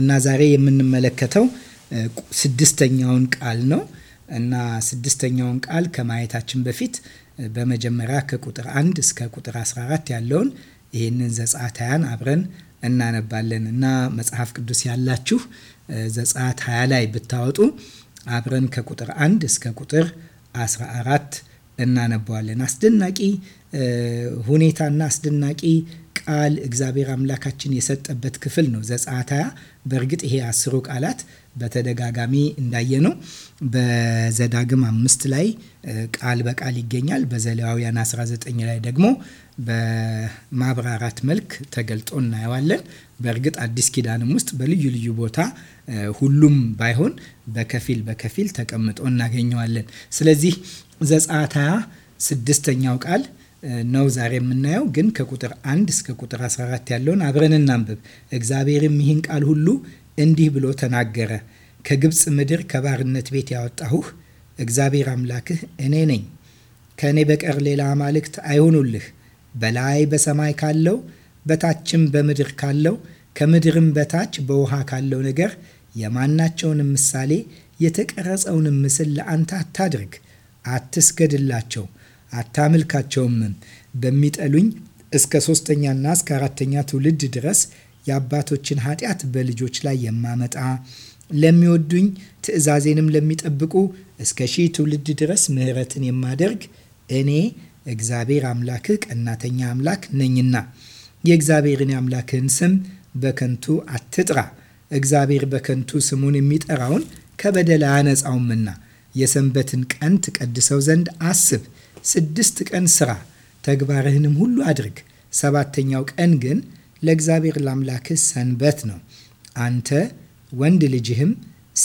እና ዛሬ የምንመለከተው ስድስተኛውን ቃል ነው እና ስድስተኛውን ቃል ከማየታችን በፊት በመጀመሪያ ከቁጥር 1 እስከ ቁጥር 14 ያለውን ይህንን ዘጻታያን አብረን እናነባለን እና መጽሐፍ ቅዱስ ያላችሁ ዘጸአት 20 ላይ ብታወጡ አብረን ከቁጥር 1 እስከ ቁጥር 14 እናነባዋለን። አስደናቂ ሁኔታና አስደናቂ ቃል እግዚአብሔር አምላካችን የሰጠበት ክፍል ነው ዘጸአት 20። በእርግጥ ይሄ አስሩ ቃላት በተደጋጋሚ እንዳየ ነው። በዘዳግም አምስት ላይ ቃል በቃል ይገኛል። በዘሌዋውያን 19 ላይ ደግሞ በማብራራት መልክ ተገልጦ እናየዋለን። በእርግጥ አዲስ ኪዳንም ውስጥ በልዩ ልዩ ቦታ ሁሉም ባይሆን በከፊል በከፊል ተቀምጦ እናገኘዋለን። ስለዚህ ዘጸአት 20 ስድስተኛው ቃል ነው ዛሬ የምናየው። ግን ከቁጥር 1 እስከ ቁጥር 14 ያለውን አብረን እናንብብ። እግዚአብሔርም ይህን ቃል ሁሉ እንዲህ ብሎ ተናገረ። ከግብፅ ምድር ከባርነት ቤት ያወጣሁህ እግዚአብሔር አምላክህ እኔ ነኝ። ከእኔ በቀር ሌላ አማልክት አይሆኑልህ። በላይ በሰማይ ካለው በታችም በምድር ካለው ከምድርም በታች በውሃ ካለው ነገር የማናቸውንም ምሳሌ የተቀረጸውንም ምስል ለአንተ አታድርግ። አትስገድላቸው አታምልካቸውም። በሚጠሉኝ እስከ ሶስተኛና እስከ አራተኛ ትውልድ ድረስ የአባቶችን ኃጢአት በልጆች ላይ የማመጣ ለሚወዱኝ ትእዛዜንም ለሚጠብቁ እስከ ሺህ ትውልድ ድረስ ምሕረትን የማደርግ እኔ እግዚአብሔር አምላክህ ቀናተኛ አምላክ ነኝና የእግዚአብሔርን የአምላክህን ስም በከንቱ አትጥራ። እግዚአብሔር በከንቱ ስሙን የሚጠራውን ከበደል አያነጻውምና የሰንበትን ቀን ትቀድሰው ዘንድ አስብ። ስድስት ቀን ስራ ተግባርህንም ሁሉ አድርግ። ሰባተኛው ቀን ግን ለእግዚአብሔር ላምላክህ ሰንበት ነው። አንተ ወንድ ልጅህም፣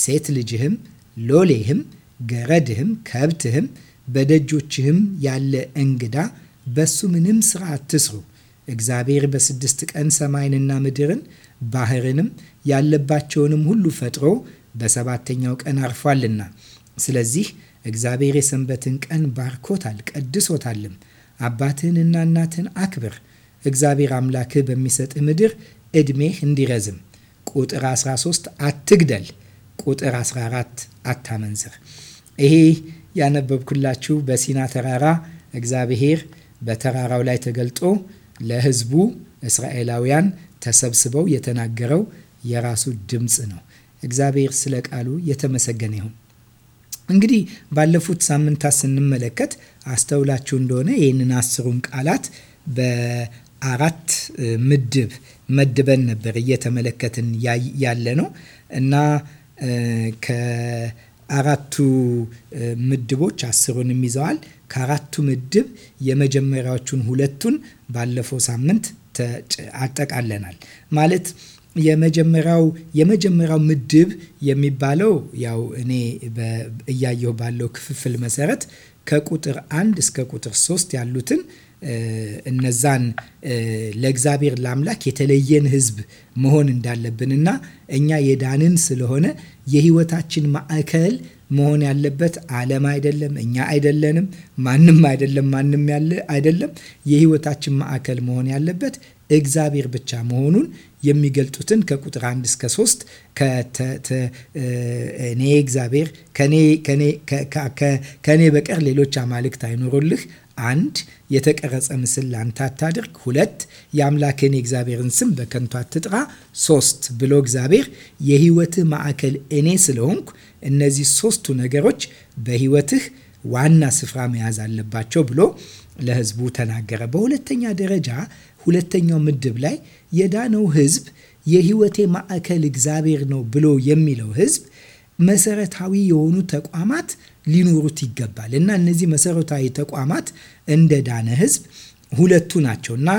ሴት ልጅህም፣ ሎሌህም፣ ገረድህም፣ ከብትህም፣ በደጆችህም ያለ እንግዳ በሱ ምንም ስራ አትስሩ። እግዚአብሔር በስድስት ቀን ሰማይንና ምድርን ባህርንም ያለባቸውንም ሁሉ ፈጥሮ በሰባተኛው ቀን አርፏልና። ስለዚህ እግዚአብሔር የሰንበትን ቀን ባርኮታል ቀድሶታልም። አባትህንና እናትህን አክብር፣ እግዚአብሔር አምላክህ በሚሰጥህ ምድር ዕድሜህ እንዲረዝም። ቁጥር 13 አትግደል፣ ቁጥር 14 አታመንዝር። ይሄ ያነበብኩላችሁ በሲና ተራራ እግዚአብሔር በተራራው ላይ ተገልጦ ለሕዝቡ እስራኤላውያን ተሰብስበው የተናገረው የራሱ ድምፅ ነው። እግዚአብሔር ስለ ቃሉ የተመሰገነ ይሁን። እንግዲህ ባለፉት ሳምንታት ስንመለከት አስተውላችሁ እንደሆነ ይህንን አስሩን ቃላት በአራት ምድብ መድበን ነበር እየተመለከትን ያለ ነው እና ከአራቱ ምድቦች አስሩንም ይዘዋል። ከአራቱ ምድብ የመጀመሪያዎቹን ሁለቱን ባለፈው ሳምንት አጠቃለናል ማለት የመጀመሪያው የመጀመሪያው ምድብ የሚባለው ያው እኔ እያየሁ ባለው ክፍፍል መሰረት ከቁጥር አንድ እስከ ቁጥር ሶስት ያሉትን እነዛን ለእግዚአብሔር ለአምላክ የተለየን ሕዝብ መሆን እንዳለብንና እኛ የዳንን ስለሆነ የሕይወታችን ማዕከል መሆን ያለበት ዓለም አይደለም፣ እኛ አይደለንም፣ ማንም አይደለም፣ ማንም ያለ አይደለም። የሕይወታችን ማዕከል መሆን ያለበት እግዚአብሔር ብቻ መሆኑን የሚገልጡትን ከቁጥር 1 እስከ 3 እኔ እግዚአብሔር ከእኔ በቀር ሌሎች አማልክት አይኖሩልህ አንድ የተቀረጸ ምስል ላንተ አታድርግ። ሁለት የአምላክን የእግዚአብሔርን ስም በከንቱ አትጥራ። ሶስት ብሎ እግዚአብሔር የህይወትህ ማዕከል እኔ ስለሆንኩ እነዚህ ሶስቱ ነገሮች በህይወትህ ዋና ስፍራ መያዝ አለባቸው ብሎ ለህዝቡ ተናገረ። በሁለተኛ ደረጃ ሁለተኛው ምድብ ላይ የዳነው ህዝብ የህይወቴ ማዕከል እግዚአብሔር ነው ብሎ የሚለው ህዝብ መሰረታዊ የሆኑ ተቋማት ሊኖሩት ይገባል እና እነዚህ መሰረታዊ ተቋማት እንደ ዳነ ህዝብ ሁለቱ ናቸው እና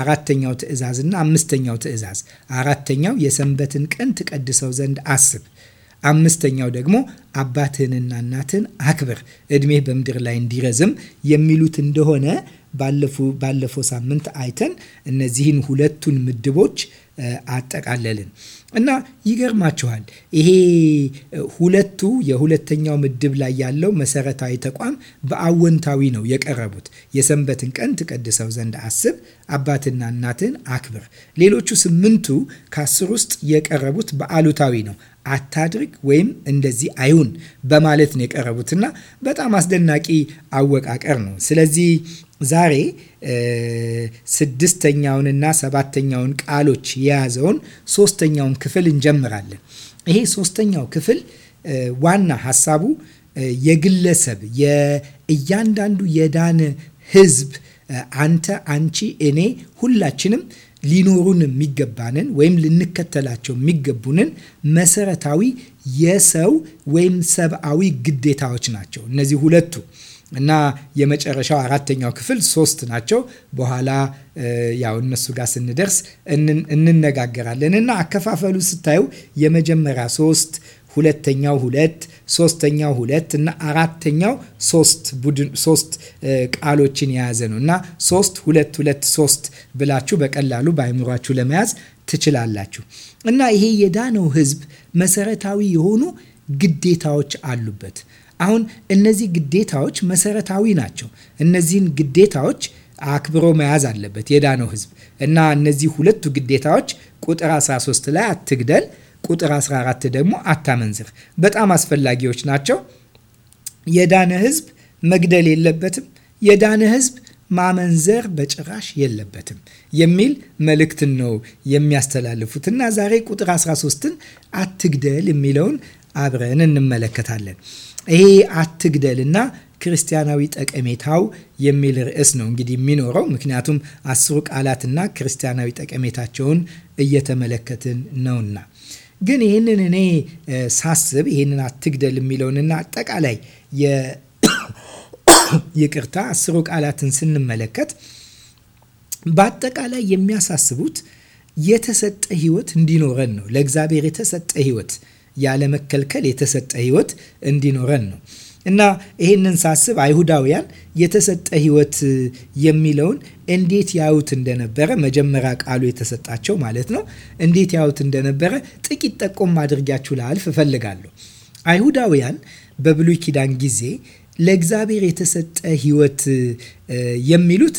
አራተኛው ትእዛዝ እና አምስተኛው ትእዛዝ። አራተኛው የሰንበትን ቀን ትቀድሰው ዘንድ አስብ። አምስተኛው ደግሞ አባትህንና እናትን አክብር፣ እድሜህ በምድር ላይ እንዲረዝም የሚሉት እንደሆነ ባለፈው ሳምንት አይተን እነዚህን ሁለቱን ምድቦች አጠቃለልን እና ይገርማችኋል ይሄ ሁለቱ የሁለተኛው ምድብ ላይ ያለው መሰረታዊ ተቋም በአወንታዊ ነው የቀረቡት። የሰንበትን ቀን ትቀድሰው ዘንድ አስብ፣ አባትና እናትን አክብር። ሌሎቹ ስምንቱ ከአስር ውስጥ የቀረቡት በአሉታዊ ነው። አታድርግ ወይም እንደዚህ አይሁን በማለት ነው የቀረቡትና በጣም አስደናቂ አወቃቀር ነው። ስለዚህ ዛሬ ስድስተኛውንና ሰባተኛውን ቃሎች የያዘውን ሶስተኛውን ክፍል እንጀምራለን። ይሄ ሶስተኛው ክፍል ዋና ሀሳቡ የግለሰብ የእያንዳንዱ የዳነ ህዝብ አንተ፣ አንቺ፣ እኔ ሁላችንም ሊኖሩን የሚገባንን ወይም ልንከተላቸው የሚገቡንን መሰረታዊ የሰው ወይም ሰብአዊ ግዴታዎች ናቸው እነዚህ ሁለቱ እና የመጨረሻው አራተኛው ክፍል ሶስት ናቸው። በኋላ ያው እነሱ ጋር ስንደርስ እንነጋገራለን እና አከፋፈሉ ስታዩ የመጀመሪያ ሶስት ሁለተኛው ሁለት ሶስተኛው ሁለት እና አራተኛው ሶስት ቡድን ሶስት ቃሎችን የያዘ ነው እና ሶስት ሁለት ሁለት ሶስት ብላችሁ በቀላሉ በአይምሯችሁ ለመያዝ ትችላላችሁ እና ይሄ የዳነው ሕዝብ መሰረታዊ የሆኑ ግዴታዎች አሉበት። አሁን እነዚህ ግዴታዎች መሰረታዊ ናቸው። እነዚህን ግዴታዎች አክብሮ መያዝ አለበት የዳነው ህዝብ እና እነዚህ ሁለቱ ግዴታዎች ቁጥር 13 ላይ አትግደል፣ ቁጥር 14 ደግሞ አታመንዝር በጣም አስፈላጊዎች ናቸው። የዳነ ህዝብ መግደል የለበትም። የዳነ ህዝብ ማመንዘር በጭራሽ የለበትም የሚል መልእክትን ነው የሚያስተላልፉት እና ዛሬ ቁጥር 13ን አትግደል የሚለውን አብረን እንመለከታለን። ይሄ አትግደልና ክርስቲያናዊ ጠቀሜታው የሚል ርዕስ ነው እንግዲህ የሚኖረው ምክንያቱም አስሩ ቃላትና ክርስቲያናዊ ጠቀሜታቸውን እየተመለከትን ነውና። ግን ይህንን እኔ ሳስብ ይህንን አትግደል የሚለውንና አጠቃላይ ይቅርታ አስሩ ቃላትን ስንመለከት በአጠቃላይ የሚያሳስቡት የተሰጠ ህይወት እንዲኖረን ነው። ለእግዚአብሔር የተሰጠ ህይወት። ያለመከልከል የተሰጠ ህይወት እንዲኖረን ነው። እና ይህንን ሳስብ አይሁዳውያን የተሰጠ ህይወት የሚለውን እንዴት ያዩት እንደነበረ መጀመሪያ ቃሉ የተሰጣቸው ማለት ነው፣ እንዴት ያዩት እንደነበረ ጥቂት ጠቆም አድርጊያችሁ ላልፍ እፈልጋለሁ። አይሁዳውያን በብሉይ ኪዳን ጊዜ ለእግዚአብሔር የተሰጠ ህይወት የሚሉት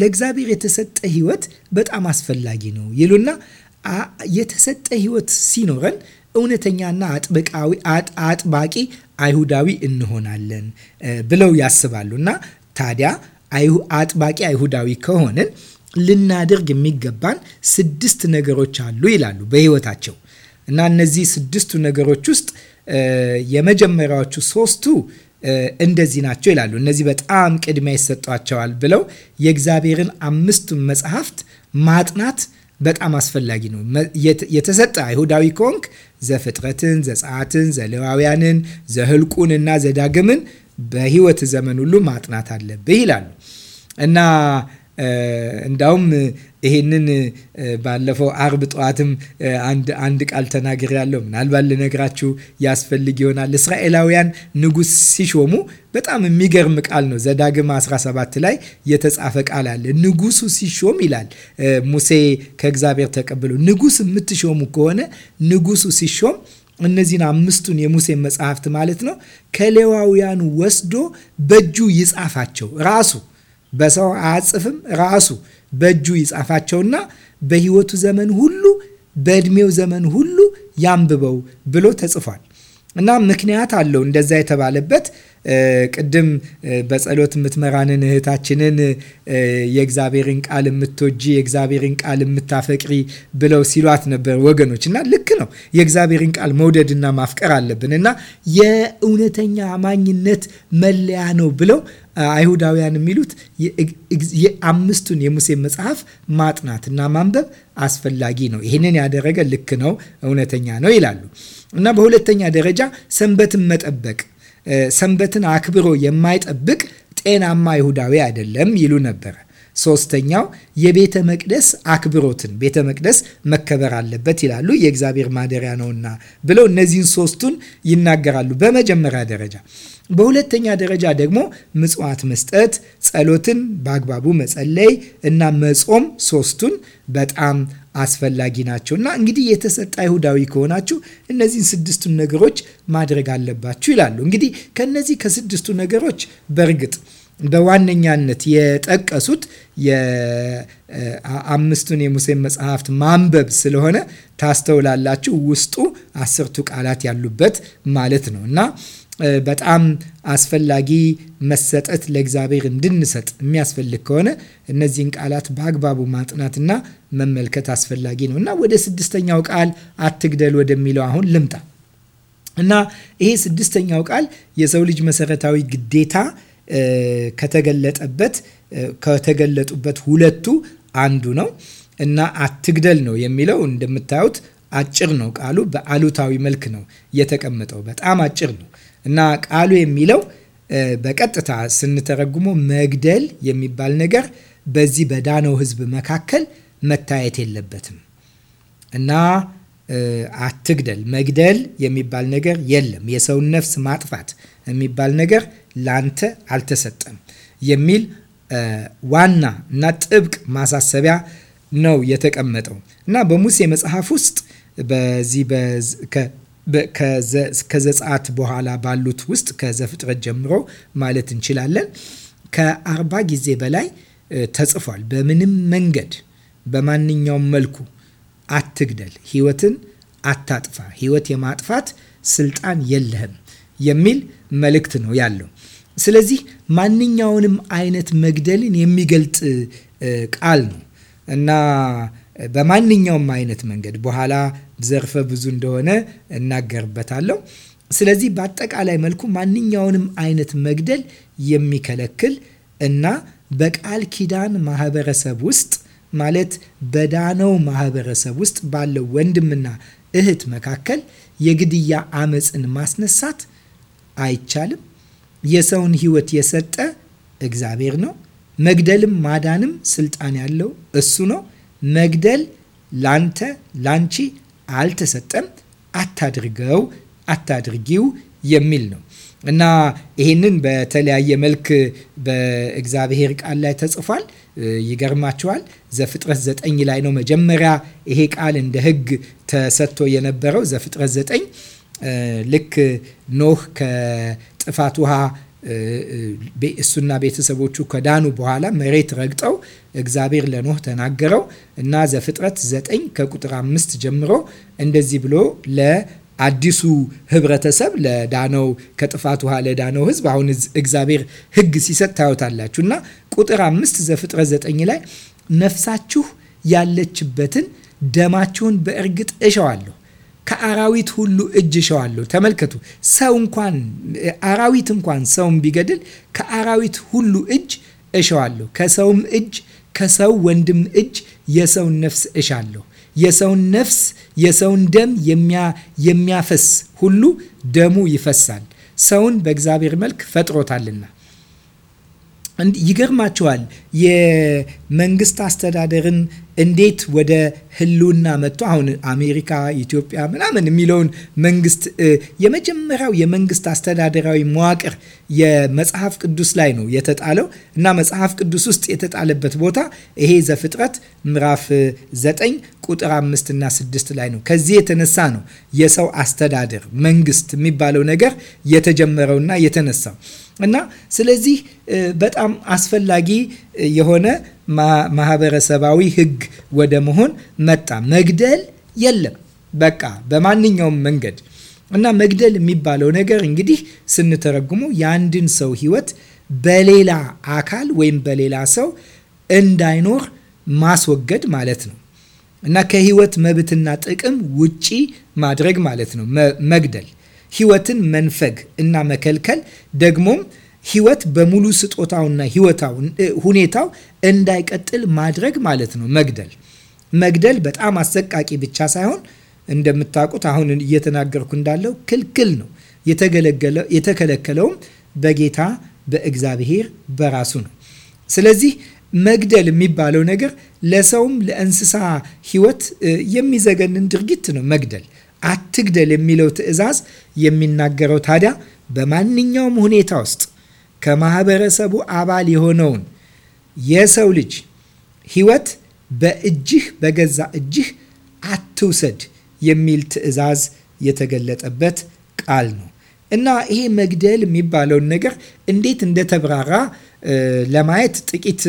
ለእግዚአብሔር የተሰጠ ህይወት በጣም አስፈላጊ ነው ይሉና የተሰጠ ህይወት ሲኖረን እውነተኛና አጥብቃዊ አጥባቂ አይሁዳዊ እንሆናለን ብለው ያስባሉ እና ታዲያ አጥባቂ አይሁዳዊ ከሆንን ልናደርግ የሚገባን ስድስት ነገሮች አሉ ይላሉ በህይወታቸው እና እነዚህ ስድስቱ ነገሮች ውስጥ የመጀመሪያዎቹ ሶስቱ እንደዚህ ናቸው ይላሉ። እነዚህ በጣም ቅድሚያ ይሰጧቸዋል ብለው የእግዚአብሔርን አምስቱን መጽሐፍት ማጥናት በጣም አስፈላጊ ነው። የተሰጠ አይሁዳዊ ከሆንክ ዘፍጥረትን፣ ዘጸአትን፣ ዘሌዋውያንን፣ ዘህልቁን እና ዘዳግምን በህይወት ዘመን ሁሉ ማጥናት አለብህ ይላሉ እና እንዳውም ይሄንን ባለፈው አርብ ጠዋትም አንድ ቃል ተናግር ያለው ምናልባት ልነግራችሁ ያስፈልግ ይሆናል። እስራኤላውያን ንጉሥ ሲሾሙ በጣም የሚገርም ቃል ነው። ዘዳግም 17 ላይ የተጻፈ ቃል አለ። ንጉሱ ሲሾም ይላል ሙሴ ከእግዚአብሔር ተቀብሎ ንጉስ የምትሾሙ ከሆነ ንጉሱ ሲሾም እነዚህን አምስቱን የሙሴ መጽሐፍት ማለት ነው ከሌዋውያኑ ወስዶ በእጁ ይጻፋቸው ራሱ በሰው አያጽፍም ራሱ በእጁ ይጻፋቸውና በህይወቱ ዘመን ሁሉ በዕድሜው ዘመን ሁሉ ያንብበው ብሎ ተጽፏል። እና ምክንያት አለው እንደዛ የተባለበት ቅድም በጸሎት የምትመራንን እህታችንን የእግዚአብሔርን ቃል የምትወጂ የእግዚአብሔርን ቃል የምታፈቅሪ ብለው ሲሏት ነበር ወገኖች። እና ልክ ነው የእግዚአብሔርን ቃል መውደድና ማፍቀር አለብን እና የእውነተኛ አማኝነት መለያ ነው ብለው አይሁዳውያን የሚሉት የአምስቱን የሙሴ መጽሐፍ ማጥናትና ማንበብ አስፈላጊ ነው። ይህንን ያደረገ ልክ ነው፣ እውነተኛ ነው ይላሉ። እና በሁለተኛ ደረጃ ሰንበትን መጠበቅ ሰንበትን አክብሮ የማይጠብቅ ጤናማ ይሁዳዊ አይደለም ይሉ ነበረ። ሶስተኛው የቤተ መቅደስ አክብሮትን ቤተ መቅደስ መከበር አለበት ይላሉ። የእግዚአብሔር ማደሪያ ነውና ብለው እነዚህን ሶስቱን ይናገራሉ በመጀመሪያ ደረጃ። በሁለተኛ ደረጃ ደግሞ ምጽዋት መስጠት፣ ጸሎትን በአግባቡ መጸለይ እና መጾም ሶስቱን በጣም አስፈላጊ ናቸው እና እንግዲህ የተሰጠ አይሁዳዊ ከሆናችሁ እነዚህን ስድስቱን ነገሮች ማድረግ አለባችሁ ይላሉ። እንግዲህ ከነዚህ ከስድስቱ ነገሮች በእርግጥ በዋነኛነት የጠቀሱት የአምስቱን የሙሴን መጽሐፍት ማንበብ ስለሆነ ታስተውላላችሁ ውስጡ አስርቱ ቃላት ያሉበት ማለት ነው እና በጣም አስፈላጊ መሰጠት ለእግዚአብሔር እንድንሰጥ የሚያስፈልግ ከሆነ እነዚህን ቃላት በአግባቡ ማጥናትና መመልከት አስፈላጊ ነው እና ወደ ስድስተኛው ቃል አትግደል ወደሚለው አሁን ልምጣ እና ይሄ ስድስተኛው ቃል የሰው ልጅ መሰረታዊ ግዴታ ከተገለጠበት ከተገለጡበት ሁለቱ አንዱ ነው እና አትግደል ነው የሚለው እንደምታዩት አጭር ነው ቃሉ በአሉታዊ መልክ ነው የተቀመጠው በጣም አጭር ነው እና ቃሉ የሚለው በቀጥታ ስንተረጉሞ መግደል የሚባል ነገር በዚህ በዳነው ሕዝብ መካከል መታየት የለበትም እና አትግደል፣ መግደል የሚባል ነገር የለም፣ የሰውን ነፍስ ማጥፋት የሚባል ነገር ላንተ አልተሰጠም የሚል ዋና እና ጥብቅ ማሳሰቢያ ነው የተቀመጠው እና በሙሴ መጽሐፍ ውስጥ በዚህ ከዘጸአት በኋላ ባሉት ውስጥ ከዘፍጥረት ጀምሮ ማለት እንችላለን ከአርባ ጊዜ በላይ ተጽፏል። በምንም መንገድ በማንኛውም መልኩ አትግደል፣ ህይወትን አታጥፋ፣ ህይወት የማጥፋት ስልጣን የለህም የሚል መልእክት ነው ያለው። ስለዚህ ማንኛውንም አይነት መግደልን የሚገልጥ ቃል ነው እና በማንኛውም አይነት መንገድ በኋላ ዘርፈ ብዙ እንደሆነ እናገርበታለሁ። ስለዚህ በአጠቃላይ መልኩ ማንኛውንም አይነት መግደል የሚከለክል እና በቃል ኪዳን ማህበረሰብ ውስጥ ማለት በዳነው ማህበረሰብ ውስጥ ባለው ወንድምና እህት መካከል የግድያ አመፅን ማስነሳት አይቻልም። የሰውን ህይወት የሰጠ እግዚአብሔር ነው። መግደልም ማዳንም ስልጣን ያለው እሱ ነው። መግደል ላንተ ላንቺ አልተሰጠም። አታድርገው፣ አታድርጊው የሚል ነው እና ይህንን በተለያየ መልክ በእግዚአብሔር ቃል ላይ ተጽፏል። ይገርማችኋል። ዘፍጥረት ዘጠኝ ላይ ነው መጀመሪያ ይሄ ቃል እንደ ሕግ ተሰጥቶ የነበረው። ዘፍጥረት ዘጠኝ ልክ ኖህ ከጥፋት ውሃ እሱና ቤተሰቦቹ ከዳኑ በኋላ መሬት ረግጠው እግዚአብሔር ለኖህ ተናገረው እና ዘፍጥረት ዘጠኝ ከቁጥር አምስት ጀምሮ እንደዚህ ብሎ ለአዲሱ ህብረተሰብ ለዳነው ከጥፋት ውሃ ለዳነው ህዝብ አሁን እግዚአብሔር ህግ ሲሰጥ ታዩታላችሁ እና ቁጥር አምስት ዘፍጥረት ዘጠኝ ላይ ነፍሳችሁ ያለችበትን ደማችሁን በእርግጥ እሸዋለሁ ከአራዊት ሁሉ እጅ እሻዋለሁ። ተመልከቱ፣ ሰው እንኳን አራዊት እንኳን ሰውን ቢገድል ከአራዊት ሁሉ እጅ እሸዋለሁ፣ ከሰውም እጅ ከሰው ወንድም እጅ የሰውን ነፍስ እሻለሁ። የሰውን ነፍስ የሰውን ደም የሚያፈስ ሁሉ ደሙ ይፈሳል፣ ሰውን በእግዚአብሔር መልክ ፈጥሮታልና ይገርማቸዋል የመንግስት አስተዳደርን እንዴት ወደ ህልውና መጥቶ አሁን አሜሪካ፣ ኢትዮጵያ ምናምን የሚለውን መንግስት የመጀመሪያው የመንግስት አስተዳደራዊ መዋቅር የመጽሐፍ ቅዱስ ላይ ነው የተጣለው እና መጽሐፍ ቅዱስ ውስጥ የተጣለበት ቦታ ይሄ ዘፍጥረት ምዕራፍ 9 ቁጥር አምስት እና ስድስት ላይ ነው። ከዚህ የተነሳ ነው የሰው አስተዳደር መንግስት የሚባለው ነገር የተጀመረውና የተነሳው እና ስለዚህ በጣም አስፈላጊ የሆነ ማህበረሰባዊ ህግ ወደ መሆን መጣ። መግደል የለም በቃ በማንኛውም መንገድ እና መግደል የሚባለው ነገር እንግዲህ ስንተረጉመው የአንድን ሰው ህይወት በሌላ አካል ወይም በሌላ ሰው እንዳይኖር ማስወገድ ማለት ነው እና ከህይወት መብትና ጥቅም ውጪ ማድረግ ማለት ነው መግደል። ህይወትን መንፈግ እና መከልከል ደግሞም ህይወት በሙሉ ስጦታውና ሁኔታው እንዳይቀጥል ማድረግ ማለት ነው መግደል። መግደል በጣም አሰቃቂ ብቻ ሳይሆን እንደምታውቁት አሁን እየተናገርኩ እንዳለው ክልክል ነው። የተከለከለውም በጌታ በእግዚአብሔር በራሱ ነው። ስለዚህ መግደል የሚባለው ነገር ለሰውም ለእንስሳ ህይወት የሚዘገንን ድርጊት ነው። መግደል አትግደል የሚለው ትዕዛዝ የሚናገረው ታዲያ በማንኛውም ሁኔታ ውስጥ ከማህበረሰቡ አባል የሆነውን የሰው ልጅ ህይወት በእጅህ በገዛ እጅህ አትውሰድ የሚል ትዕዛዝ የተገለጠበት ቃል ነው እና ይሄ መግደል የሚባለውን ነገር እንዴት እንደተብራራ ለማየት ጥቂት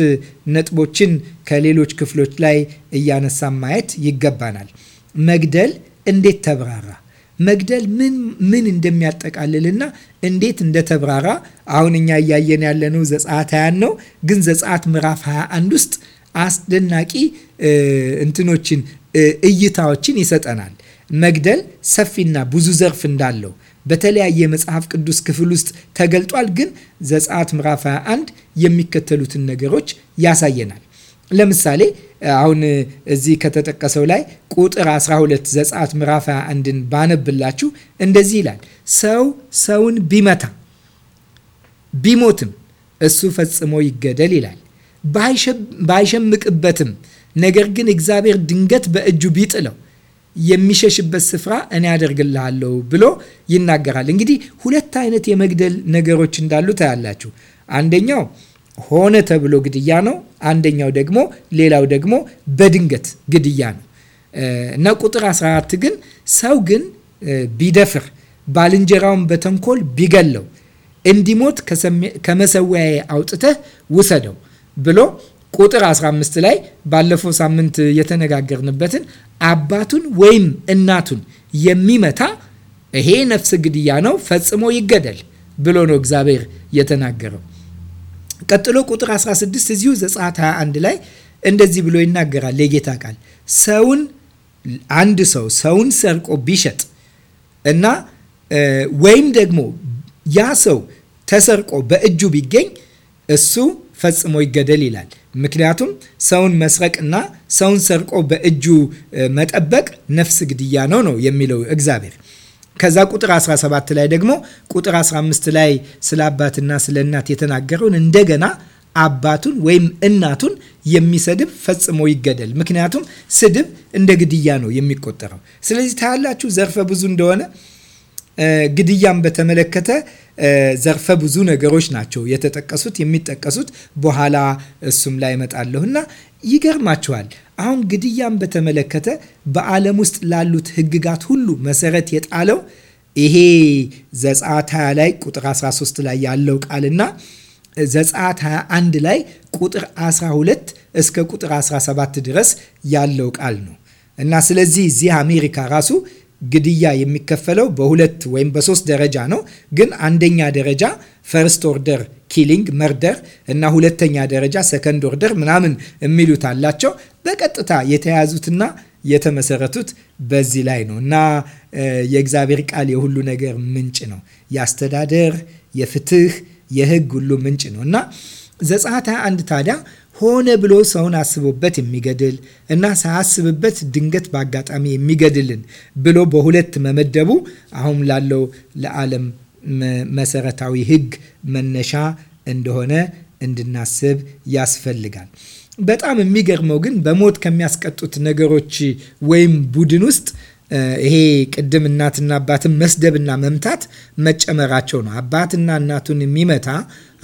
ነጥቦችን ከሌሎች ክፍሎች ላይ እያነሳን ማየት ይገባናል። መግደል እንዴት ተብራራ፣ መግደል ምን ምን እንደሚያጠቃልልና እንዴት እንደተብራራ አሁን እኛ እያየን ያለነው ዘጸአት ሃያን ነው። ግን ዘጸአት ምዕራፍ 21 ውስጥ አስደናቂ እንትኖችን እይታዎችን ይሰጠናል። መግደል ሰፊና ብዙ ዘርፍ እንዳለው በተለያየ መጽሐፍ ቅዱስ ክፍል ውስጥ ተገልጧል። ግን ዘጸአት ምዕራፍ 21 የሚከተሉትን ነገሮች ያሳየናል። ለምሳሌ አሁን እዚህ ከተጠቀሰው ላይ ቁጥር 12 ዘጸአት ምዕራፍ 21ን ባነብላችሁ እንደዚህ ይላል። ሰው ሰውን ቢመታ ቢሞትም እሱ ፈጽሞ ይገደል ይላል። ባይሸምቅበትም ነገር ግን እግዚአብሔር ድንገት በእጁ ቢጥለው የሚሸሽበት ስፍራ እኔ አደርግልሃለሁ ብሎ ይናገራል። እንግዲህ ሁለት አይነት የመግደል ነገሮች እንዳሉ ታያላችሁ። አንደኛው ሆነ ተብሎ ግድያ ነው። አንደኛው ደግሞ ሌላው ደግሞ በድንገት ግድያ ነው እና ቁጥር 14 ግን ሰው ግን ቢደፍር ባልንጀራውን በተንኮል ቢገለው እንዲሞት ከመሰዊያዬ አውጥተህ ውሰደው ብሎ ቁጥር 15 ላይ ባለፈው ሳምንት የተነጋገርንበትን አባቱን ወይም እናቱን የሚመታ ይሄ ነፍስ ግድያ ነው፣ ፈጽሞ ይገደል ብሎ ነው እግዚአብሔር የተናገረው። ቀጥሎ ቁጥር 16 እዚሁ ዘጸአት 21 ላይ እንደዚህ ብሎ ይናገራል የጌታ ቃል ሰውን አንድ ሰው ሰውን ሰርቆ ቢሸጥ እና ወይም ደግሞ ያ ሰው ተሰርቆ በእጁ ቢገኝ እሱ ፈጽሞ ይገደል ይላል። ምክንያቱም ሰውን መስረቅና ሰውን ሰርቆ በእጁ መጠበቅ ነፍስ ግድያ ነው ነው የሚለው እግዚአብሔር። ከዛ ቁጥር 17 ላይ ደግሞ ቁጥር 15 ላይ ስለ አባትና ስለ እናት የተናገረውን እንደገና አባቱን ወይም እናቱን የሚሰድብ ፈጽሞ ይገደል። ምክንያቱም ስድብ እንደ ግድያ ነው የሚቆጠረው። ስለዚህ ታያላችሁ ዘርፈ ብዙ እንደሆነ ግድያም በተመለከተ ዘርፈ ብዙ ነገሮች ናቸው የተጠቀሱት የሚጠቀሱት በኋላ እሱም ላይ እመጣለሁ እና ይገርማቸዋል። አሁን ግድያም በተመለከተ በዓለም ውስጥ ላሉት ሕግጋት ሁሉ መሰረት የጣለው ይሄ ዘጸአት 20 ላይ ቁጥር 13 ላይ ያለው ቃልና ዘጸአት 21 ላይ ቁጥር 12 እስከ ቁጥር 17 ድረስ ያለው ቃል ነው እና ስለዚህ እዚህ አሜሪካ ራሱ ግድያ የሚከፈለው በሁለት ወይም በሶስት ደረጃ ነው። ግን አንደኛ ደረጃ ፈርስት ኦርደር ኪሊንግ መርደር እና ሁለተኛ ደረጃ ሰከንድ ኦርደር ምናምን የሚሉት አላቸው። በቀጥታ የተያዙትና የተመሰረቱት በዚህ ላይ ነው እና የእግዚአብሔር ቃል የሁሉ ነገር ምንጭ ነው። የአስተዳደር፣ የፍትህ፣ የህግ ሁሉ ምንጭ ነው እና ዘጸአት 21 ታዲያ ሆነ ብሎ ሰውን አስቦበት የሚገድል እና ሳያስብበት ድንገት በአጋጣሚ የሚገድልን ብሎ በሁለት መመደቡ አሁን ላለው ለዓለም መሰረታዊ ሕግ መነሻ እንደሆነ እንድናስብ ያስፈልጋል። በጣም የሚገርመው ግን በሞት ከሚያስቀጡት ነገሮች ወይም ቡድን ውስጥ ይሄ ቅድም እናትና አባትን መስደብና መምታት መጨመራቸው ነው። አባትና እናቱን የሚመታ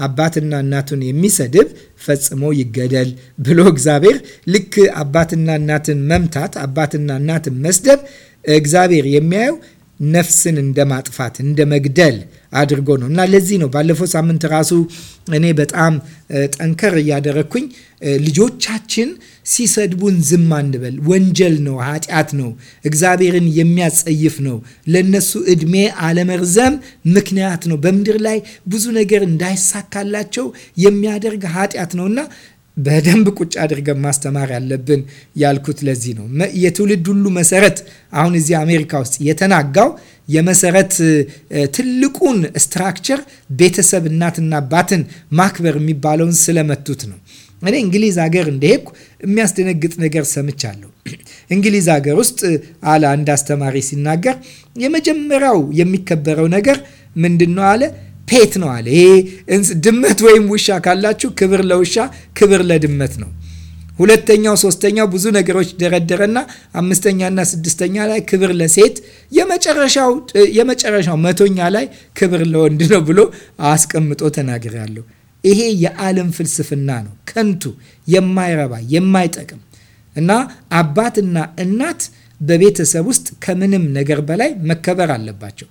አባትና እናቱን የሚሰድብ ፈጽሞ ይገደል ብሎ እግዚአብሔር ልክ አባትና እናትን መምታት፣ አባትና እናትን መስደብ እግዚአብሔር የሚያየው ነፍስን እንደ ማጥፋት እንደ መግደል አድርጎ ነው እና ለዚህ ነው ባለፈው ሳምንት ራሱ እኔ በጣም ጠንከር እያደረግኩኝ ልጆቻችን ሲሰድቡን ዝም አንበል። ወንጀል ነው፣ ኃጢአት ነው፣ እግዚአብሔርን የሚያጸይፍ ነው። ለነሱ ዕድሜ አለመርዘም ምክንያት ነው። በምድር ላይ ብዙ ነገር እንዳይሳካላቸው የሚያደርግ ኃጢአት ነውና በደንብ ቁጭ አድርገን ማስተማር ያለብን ያልኩት ለዚህ ነው። የትውልድ ሁሉ መሰረት አሁን እዚህ አሜሪካ ውስጥ የተናጋው የመሰረት ትልቁን ስትራክቸር ቤተሰብ እናትና አባትን ማክበር የሚባለውን ስለመቱት ነው። እኔ እንግሊዝ ሀገር እንደሄድኩ የሚያስደነግጥ ነገር ሰምቻለሁ። እንግሊዝ ሀገር ውስጥ አለ አንድ አስተማሪ ሲናገር የመጀመሪያው የሚከበረው ነገር ምንድን ነው አለ ፔት ነው አለ። ይሄ ድመት ወይም ውሻ ካላችሁ ክብር ለውሻ፣ ክብር ለድመት ነው። ሁለተኛው፣ ሶስተኛው ብዙ ነገሮች ደረደረና አምስተኛና ስድስተኛ ላይ ክብር ለሴት፣ የመጨረሻው መቶኛ ላይ ክብር ለወንድ ነው ብሎ አስቀምጦ ተናግሬያለሁ። ይሄ የዓለም ፍልስፍና ነው። ከንቱ፣ የማይረባ፣ የማይጠቅም እና አባትና እናት በቤተሰብ ውስጥ ከምንም ነገር በላይ መከበር አለባቸው።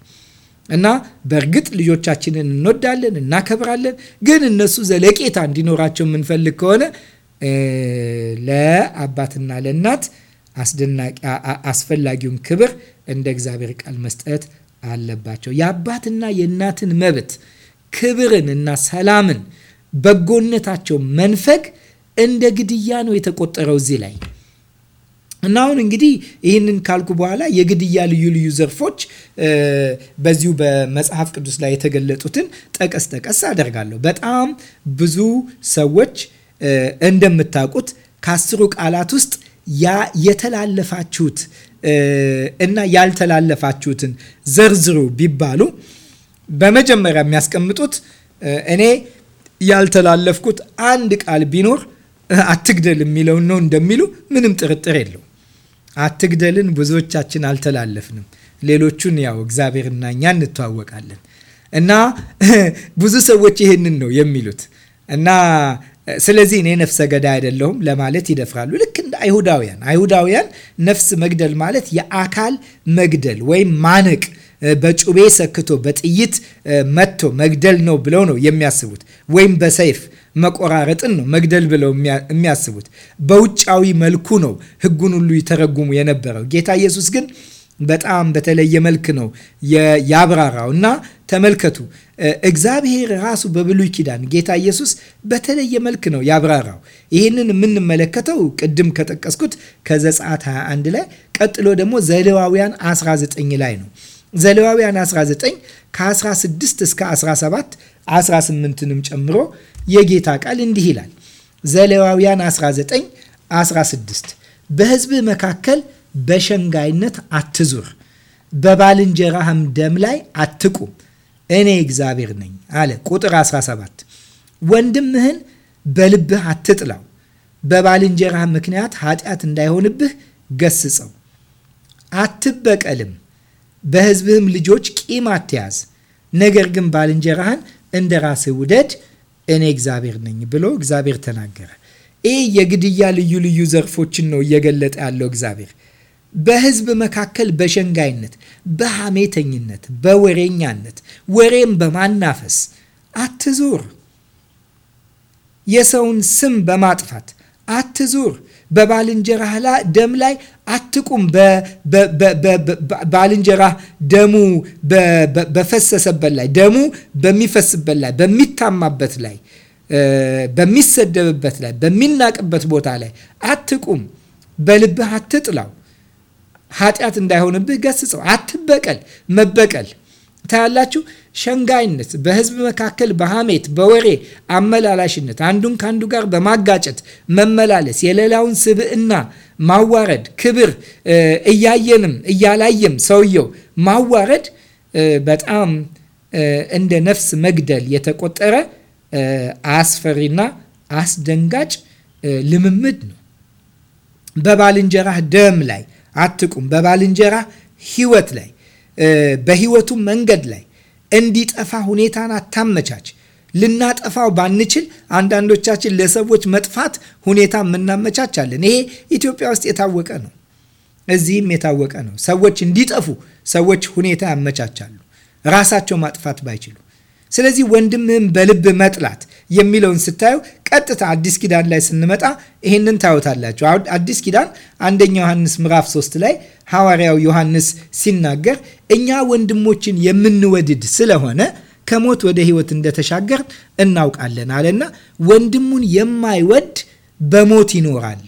እና በእርግጥ ልጆቻችንን እንወዳለን፣ እናከብራለን። ግን እነሱ ዘለቄታ እንዲኖራቸው የምንፈልግ ከሆነ ለአባትና ለእናት አስፈላጊውን ክብር እንደ እግዚአብሔር ቃል መስጠት አለባቸው። የአባትና የእናትን መብት ክብርን እና ሰላምን በጎነታቸው መንፈግ እንደ ግድያ ነው የተቆጠረው እዚህ ላይ እና አሁን እንግዲህ ይህንን ካልኩ በኋላ የግድያ ልዩ ልዩ ዘርፎች በዚሁ በመጽሐፍ ቅዱስ ላይ የተገለጡትን ጠቀስ ጠቀስ አደርጋለሁ። በጣም ብዙ ሰዎች እንደምታውቁት ከአስሩ ቃላት ውስጥ የተላለፋችሁት እና ያልተላለፋችሁትን ዘርዝሩ ቢባሉ በመጀመሪያ የሚያስቀምጡት እኔ ያልተላለፍኩት አንድ ቃል ቢኖር አትግደል የሚለውን ነው እንደሚሉ ምንም ጥርጥር የለው። አትግደልን ብዙዎቻችን አልተላለፍንም። ሌሎቹን ያው እግዚአብሔርና እኛ እንተዋወቃለን እና ብዙ ሰዎች ይህንን ነው የሚሉት እና ስለዚህ እኔ ነፍሰ ገዳ አይደለሁም ለማለት ይደፍራሉ። ልክ እንደ አይሁዳውያን አይሁዳውያን ነፍስ መግደል ማለት የአካል መግደል ወይም ማነቅ በጩቤ ሰክቶ በጥይት መጥቶ መግደል ነው ብለው ነው የሚያስቡት። ወይም በሰይፍ መቆራረጥን ነው መግደል ብለው የሚያስቡት። በውጫዊ መልኩ ነው ሕጉን ሁሉ ይተረጉሙ የነበረው። ጌታ ኢየሱስ ግን በጣም በተለየ መልክ ነው ያብራራው እና ተመልከቱ፣ እግዚአብሔር ራሱ በብሉይ ኪዳን ጌታ ኢየሱስ በተለየ መልክ ነው ያብራራው። ይህንን የምንመለከተው ቅድም ከጠቀስኩት ከዘጸአት 21 ላይ ቀጥሎ ደግሞ ዘሌዋውያን 19 ላይ ነው። ዘሌዋውያን 19 ከ16 እስከ 17 18ንም ጨምሮ የጌታ ቃል እንዲህ ይላል። ዘሌዋውያን 19 16 በሕዝብ መካከል በሸንጋይነት አትዙር፣ በባልንጀራህም ደም ላይ አትቁም፣ እኔ እግዚአብሔር ነኝ አለ። ቁጥር 17 ወንድምህን በልብህ አትጥላው፣ በባልንጀራህ ምክንያት ኃጢአት እንዳይሆንብህ ገስጸው፣ አትበቀልም በሕዝብህም ልጆች ቂም አትያዝ፣ ነገር ግን ባልንጀራህን እንደ ራስህ ውደድ፣ እኔ እግዚአብሔር ነኝ ብሎ እግዚአብሔር ተናገረ። ይህ የግድያ ልዩ ልዩ ዘርፎችን ነው እየገለጠ ያለው እግዚአብሔር በህዝብ መካከል በሸንጋይነት፣ በሐሜተኝነት፣ በወሬኛነት ወሬም በማናፈስ አትዙር። የሰውን ስም በማጥፋት አትዙር። በባልንጀራህ ደም ላይ አትቁም። ባልንጀራህ ደሙ በፈሰሰበት ላይ ደሙ በሚፈስበት ላይ በሚታማበት ላይ በሚሰደብበት ላይ በሚናቅበት ቦታ ላይ አትቁም። በልብህ አትጥላው። ኃጢአት እንዳይሆንብህ ገስጸው። አትበቀል። መበቀል ታያላችሁ። ሸንጋይነት፣ በህዝብ መካከል በሐሜት በወሬ አመላላሽነት፣ አንዱን ከአንዱ ጋር በማጋጨት መመላለስ፣ የሌላውን ስብዕና ማዋረድ፣ ክብር እያየንም እያላየም ሰውየው ማዋረድ በጣም እንደ ነፍስ መግደል የተቆጠረ አስፈሪና አስደንጋጭ ልምምድ ነው። በባልንጀራህ ደም ላይ አትቁም፣ በባልንጀራህ ህይወት ላይ በህይወቱ መንገድ ላይ እንዲጠፋ ሁኔታን አታመቻች። ልናጠፋው ባንችል አንዳንዶቻችን ለሰዎች መጥፋት ሁኔታ የምናመቻቻለን። ይሄ ኢትዮጵያ ውስጥ የታወቀ ነው፣ እዚህም የታወቀ ነው። ሰዎች እንዲጠፉ ሰዎች ሁኔታ ያመቻቻሉ ራሳቸው ማጥፋት ባይችሉ። ስለዚህ ወንድምህም በልብ መጥላት የሚለውን ስታዩ ቀጥታ አዲስ ኪዳን ላይ ስንመጣ ይህንን ታዩታላችሁ። አዲስ ኪዳን አንደኛ ዮሐንስ ምዕራፍ 3 ላይ ሐዋርያው ዮሐንስ ሲናገር እኛ ወንድሞችን የምንወድድ ስለሆነ ከሞት ወደ ሕይወት እንደተሻገር እናውቃለን አለና ወንድሙን የማይወድ በሞት ይኖራል።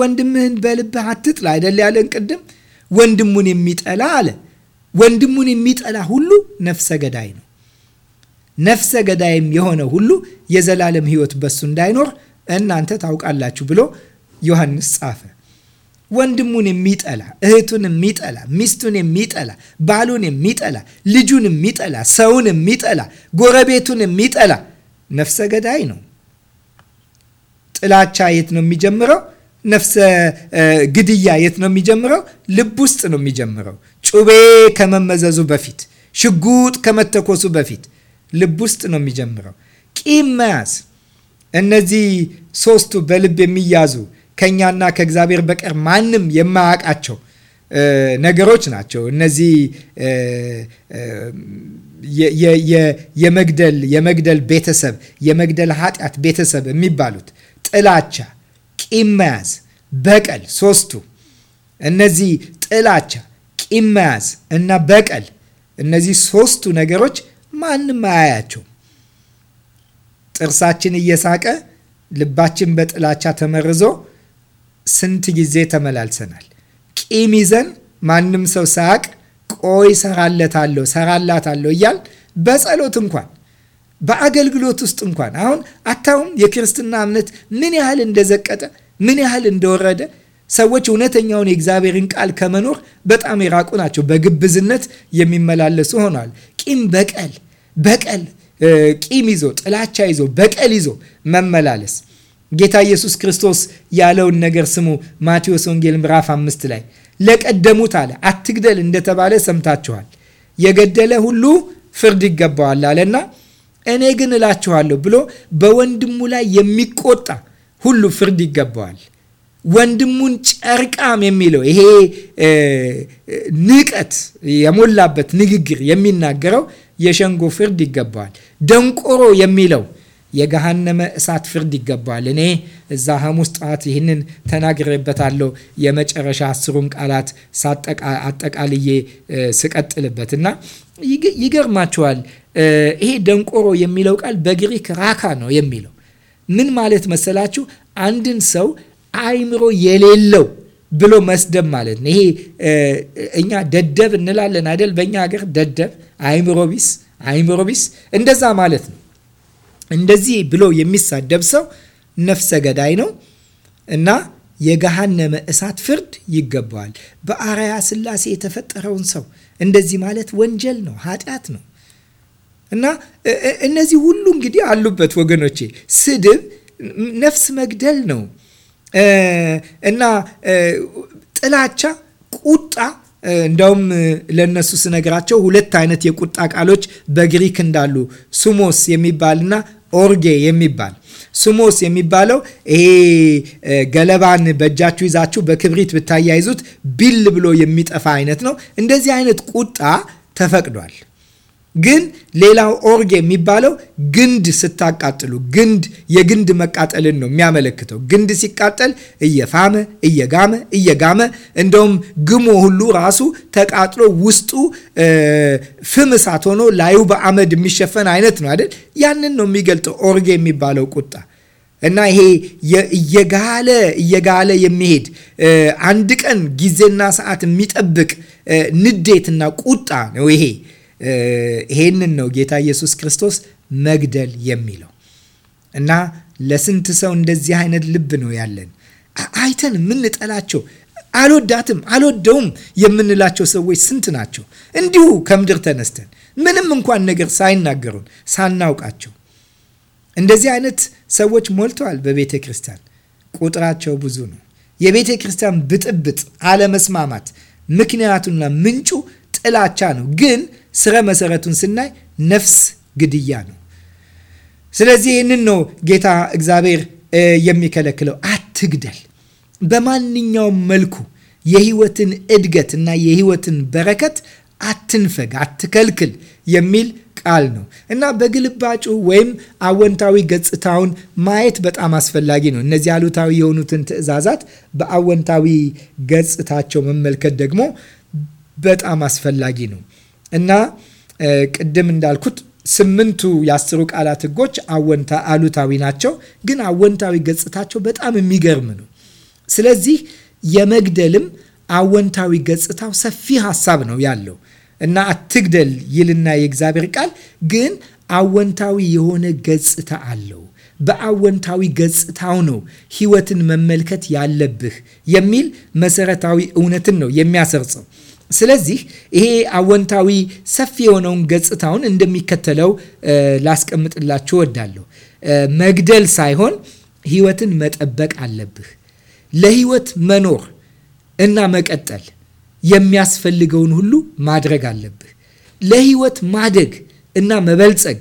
ወንድምህን በልብህ አትጥላ አይደል ያለን ቅድም። ወንድሙን የሚጠላ አለ ወንድሙን የሚጠላ ሁሉ ነፍሰ ገዳይ ነው። ነፍሰ ገዳይም የሆነ ሁሉ የዘላለም ሕይወት በሱ እንዳይኖር እናንተ ታውቃላችሁ ብሎ ዮሐንስ ጻፈ። ወንድሙን የሚጠላ እህቱን የሚጠላ ሚስቱን የሚጠላ ባሉን የሚጠላ ልጁን የሚጠላ ሰውን የሚጠላ ጎረቤቱን የሚጠላ ነፍሰ ገዳይ ነው። ጥላቻ የት ነው የሚጀምረው? ነፍሰ ግድያ የት ነው የሚጀምረው? ልብ ውስጥ ነው የሚጀምረው። ጩቤ ከመመዘዙ በፊት፣ ሽጉጥ ከመተኮሱ በፊት ልብ ውስጥ ነው የሚጀምረው። ቂም መያዝ፣ እነዚህ ሶስቱ በልብ የሚያዙ ከእኛና ከእግዚአብሔር በቀር ማንም የማያውቃቸው ነገሮች ናቸው። እነዚህ የመግደል የመግደል ቤተሰብ የመግደል ኃጢአት ቤተሰብ የሚባሉት ጥላቻ፣ ቂም መያዝ፣ በቀል ሶስቱ እነዚህ ጥላቻ፣ ቂም መያዝ እና በቀል እነዚህ ሶስቱ ነገሮች ማንም አያያቸው። ጥርሳችን እየሳቀ ልባችን በጥላቻ ተመርዞ ስንት ጊዜ ተመላልሰናል። ቂም ይዘን ማንም ሰው ሳያቅ ቆይ ሰራለታለሁ፣ ሰራላታለሁ እያል በጸሎት እንኳን በአገልግሎት ውስጥ እንኳን አሁን አታውም የክርስትና እምነት ምን ያህል እንደዘቀጠ ምን ያህል እንደወረደ ሰዎች እውነተኛውን የእግዚአብሔርን ቃል ከመኖር በጣም የራቁ ናቸው። በግብዝነት የሚመላለሱ ሆኗል። ቂም በቀል በቀል ቂም ይዞ ጥላቻ ይዞ በቀል ይዞ መመላለስ ጌታ ኢየሱስ ክርስቶስ ያለውን ነገር ስሙ። ማቴዎስ ወንጌል ምዕራፍ አምስት ላይ ለቀደሙት አለ አትግደል እንደተባለ ሰምታችኋል፣ የገደለ ሁሉ ፍርድ ይገባዋል አለና እኔ ግን እላችኋለሁ ብሎ በወንድሙ ላይ የሚቆጣ ሁሉ ፍርድ ይገባዋል። ወንድሙን ጨርቃም የሚለው ይሄ ንቀት የሞላበት ንግግር የሚናገረው የሸንጎ ፍርድ ይገባዋል። ደንቆሮ የሚለው የገሃነመ እሳት ፍርድ ይገባዋል። እኔ እዛ ሐሙስ ጠዋት ይህንን ተናግሬበታለሁ። የመጨረሻ አስሩን ቃላት አጠቃልዬ ስቀጥልበት እና ይገርማቸዋል። ይሄ ደንቆሮ የሚለው ቃል በግሪክ ራካ ነው የሚለው ምን ማለት መሰላችሁ? አንድን ሰው አእምሮ የሌለው ብሎ መስደብ ማለት ነው። ይሄ እኛ ደደብ እንላለን አይደል? በእኛ ሀገር ደደብ፣ አይምሮ ቢስ፣ አእምሮ ቢስ እንደዛ ማለት ነው። እንደዚህ ብሎ የሚሳደብ ሰው ነፍሰ ገዳይ ነው እና የገሃነመ እሳት ፍርድ ይገባዋል። በአርአያ ስላሴ የተፈጠረውን ሰው እንደዚህ ማለት ወንጀል ነው፣ ኃጢአት ነው እና እነዚህ ሁሉ እንግዲህ አሉበት ወገኖቼ። ስድብ ነፍስ መግደል ነው። እና ጥላቻ፣ ቁጣ እንደውም ለእነሱ ስነግራቸው ሁለት አይነት የቁጣ ቃሎች በግሪክ እንዳሉ ሱሞስ የሚባልና ኦርጌ የሚባል ሱሞስ የሚባለው ይሄ ገለባን በእጃችሁ ይዛችሁ በክብሪት ብታያይዙት ቢል ብሎ የሚጠፋ አይነት ነው። እንደዚህ አይነት ቁጣ ተፈቅዷል። ግን ሌላው ኦርግ የሚባለው ግንድ ስታቃጥሉ ግንድ የግንድ መቃጠልን ነው የሚያመለክተው። ግንድ ሲቃጠል እየፋመ እየጋመ እየጋመ እንደውም ግሞ ሁሉ ራሱ ተቃጥሎ ውስጡ ፍም እሳት ሆኖ ላዩ በአመድ የሚሸፈን አይነት ነው አይደል? ያንን ነው የሚገልጠው ኦርግ የሚባለው ቁጣ እና ይሄ እየጋለ እየጋለ የሚሄድ አንድ ቀን ጊዜና ሰዓት የሚጠብቅ ንዴትና ቁጣ ነው ይሄ ይሄንን ነው ጌታ ኢየሱስ ክርስቶስ መግደል የሚለው እና ለስንት ሰው እንደዚህ አይነት ልብ ነው ያለን። አይተን የምንጠላቸው አልወዳትም፣ አልወደውም የምንላቸው ሰዎች ስንት ናቸው? እንዲሁ ከምድር ተነስተን ምንም እንኳን ነገር ሳይናገሩን ሳናውቃቸው እንደዚህ አይነት ሰዎች ሞልተዋል። በቤተ ክርስቲያን ቁጥራቸው ብዙ ነው። የቤተ ክርስቲያን ብጥብጥ፣ አለመስማማት ምክንያቱና ምንጩ ጥላቻ ነው። ግን ስረ መሰረቱን ስናይ ነፍስ ግድያ ነው። ስለዚህ ይህንን ነው ጌታ እግዚአብሔር የሚከለክለው። አትግደል። በማንኛውም መልኩ የህይወትን እድገት እና የህይወትን በረከት አትንፈግ፣ አትከልክል የሚል ቃል ነው እና በግልባጩ ወይም አወንታዊ ገጽታውን ማየት በጣም አስፈላጊ ነው። እነዚህ አሉታዊ የሆኑትን ትዕዛዛት በአወንታዊ ገጽታቸው መመልከት ደግሞ በጣም አስፈላጊ ነው እና ቅድም እንዳልኩት ስምንቱ የአስሩ ቃላት ህጎች አወንታ አሉታዊ ናቸው፣ ግን አወንታዊ ገጽታቸው በጣም የሚገርም ነው። ስለዚህ የመግደልም አወንታዊ ገጽታው ሰፊ ሀሳብ ነው ያለው እና አትግደል ይልና የእግዚአብሔር ቃል ግን አወንታዊ የሆነ ገጽታ አለው። በአወንታዊ ገጽታው ነው ህይወትን መመልከት ያለብህ የሚል መሰረታዊ እውነትን ነው የሚያሰርጸው። ስለዚህ ይሄ አወንታዊ ሰፊ የሆነውን ገጽታውን እንደሚከተለው ላስቀምጥላችሁ እወዳለሁ። መግደል ሳይሆን ህይወትን መጠበቅ አለብህ። ለህይወት መኖር እና መቀጠል የሚያስፈልገውን ሁሉ ማድረግ አለብህ። ለህይወት ማደግ እና መበልጸግ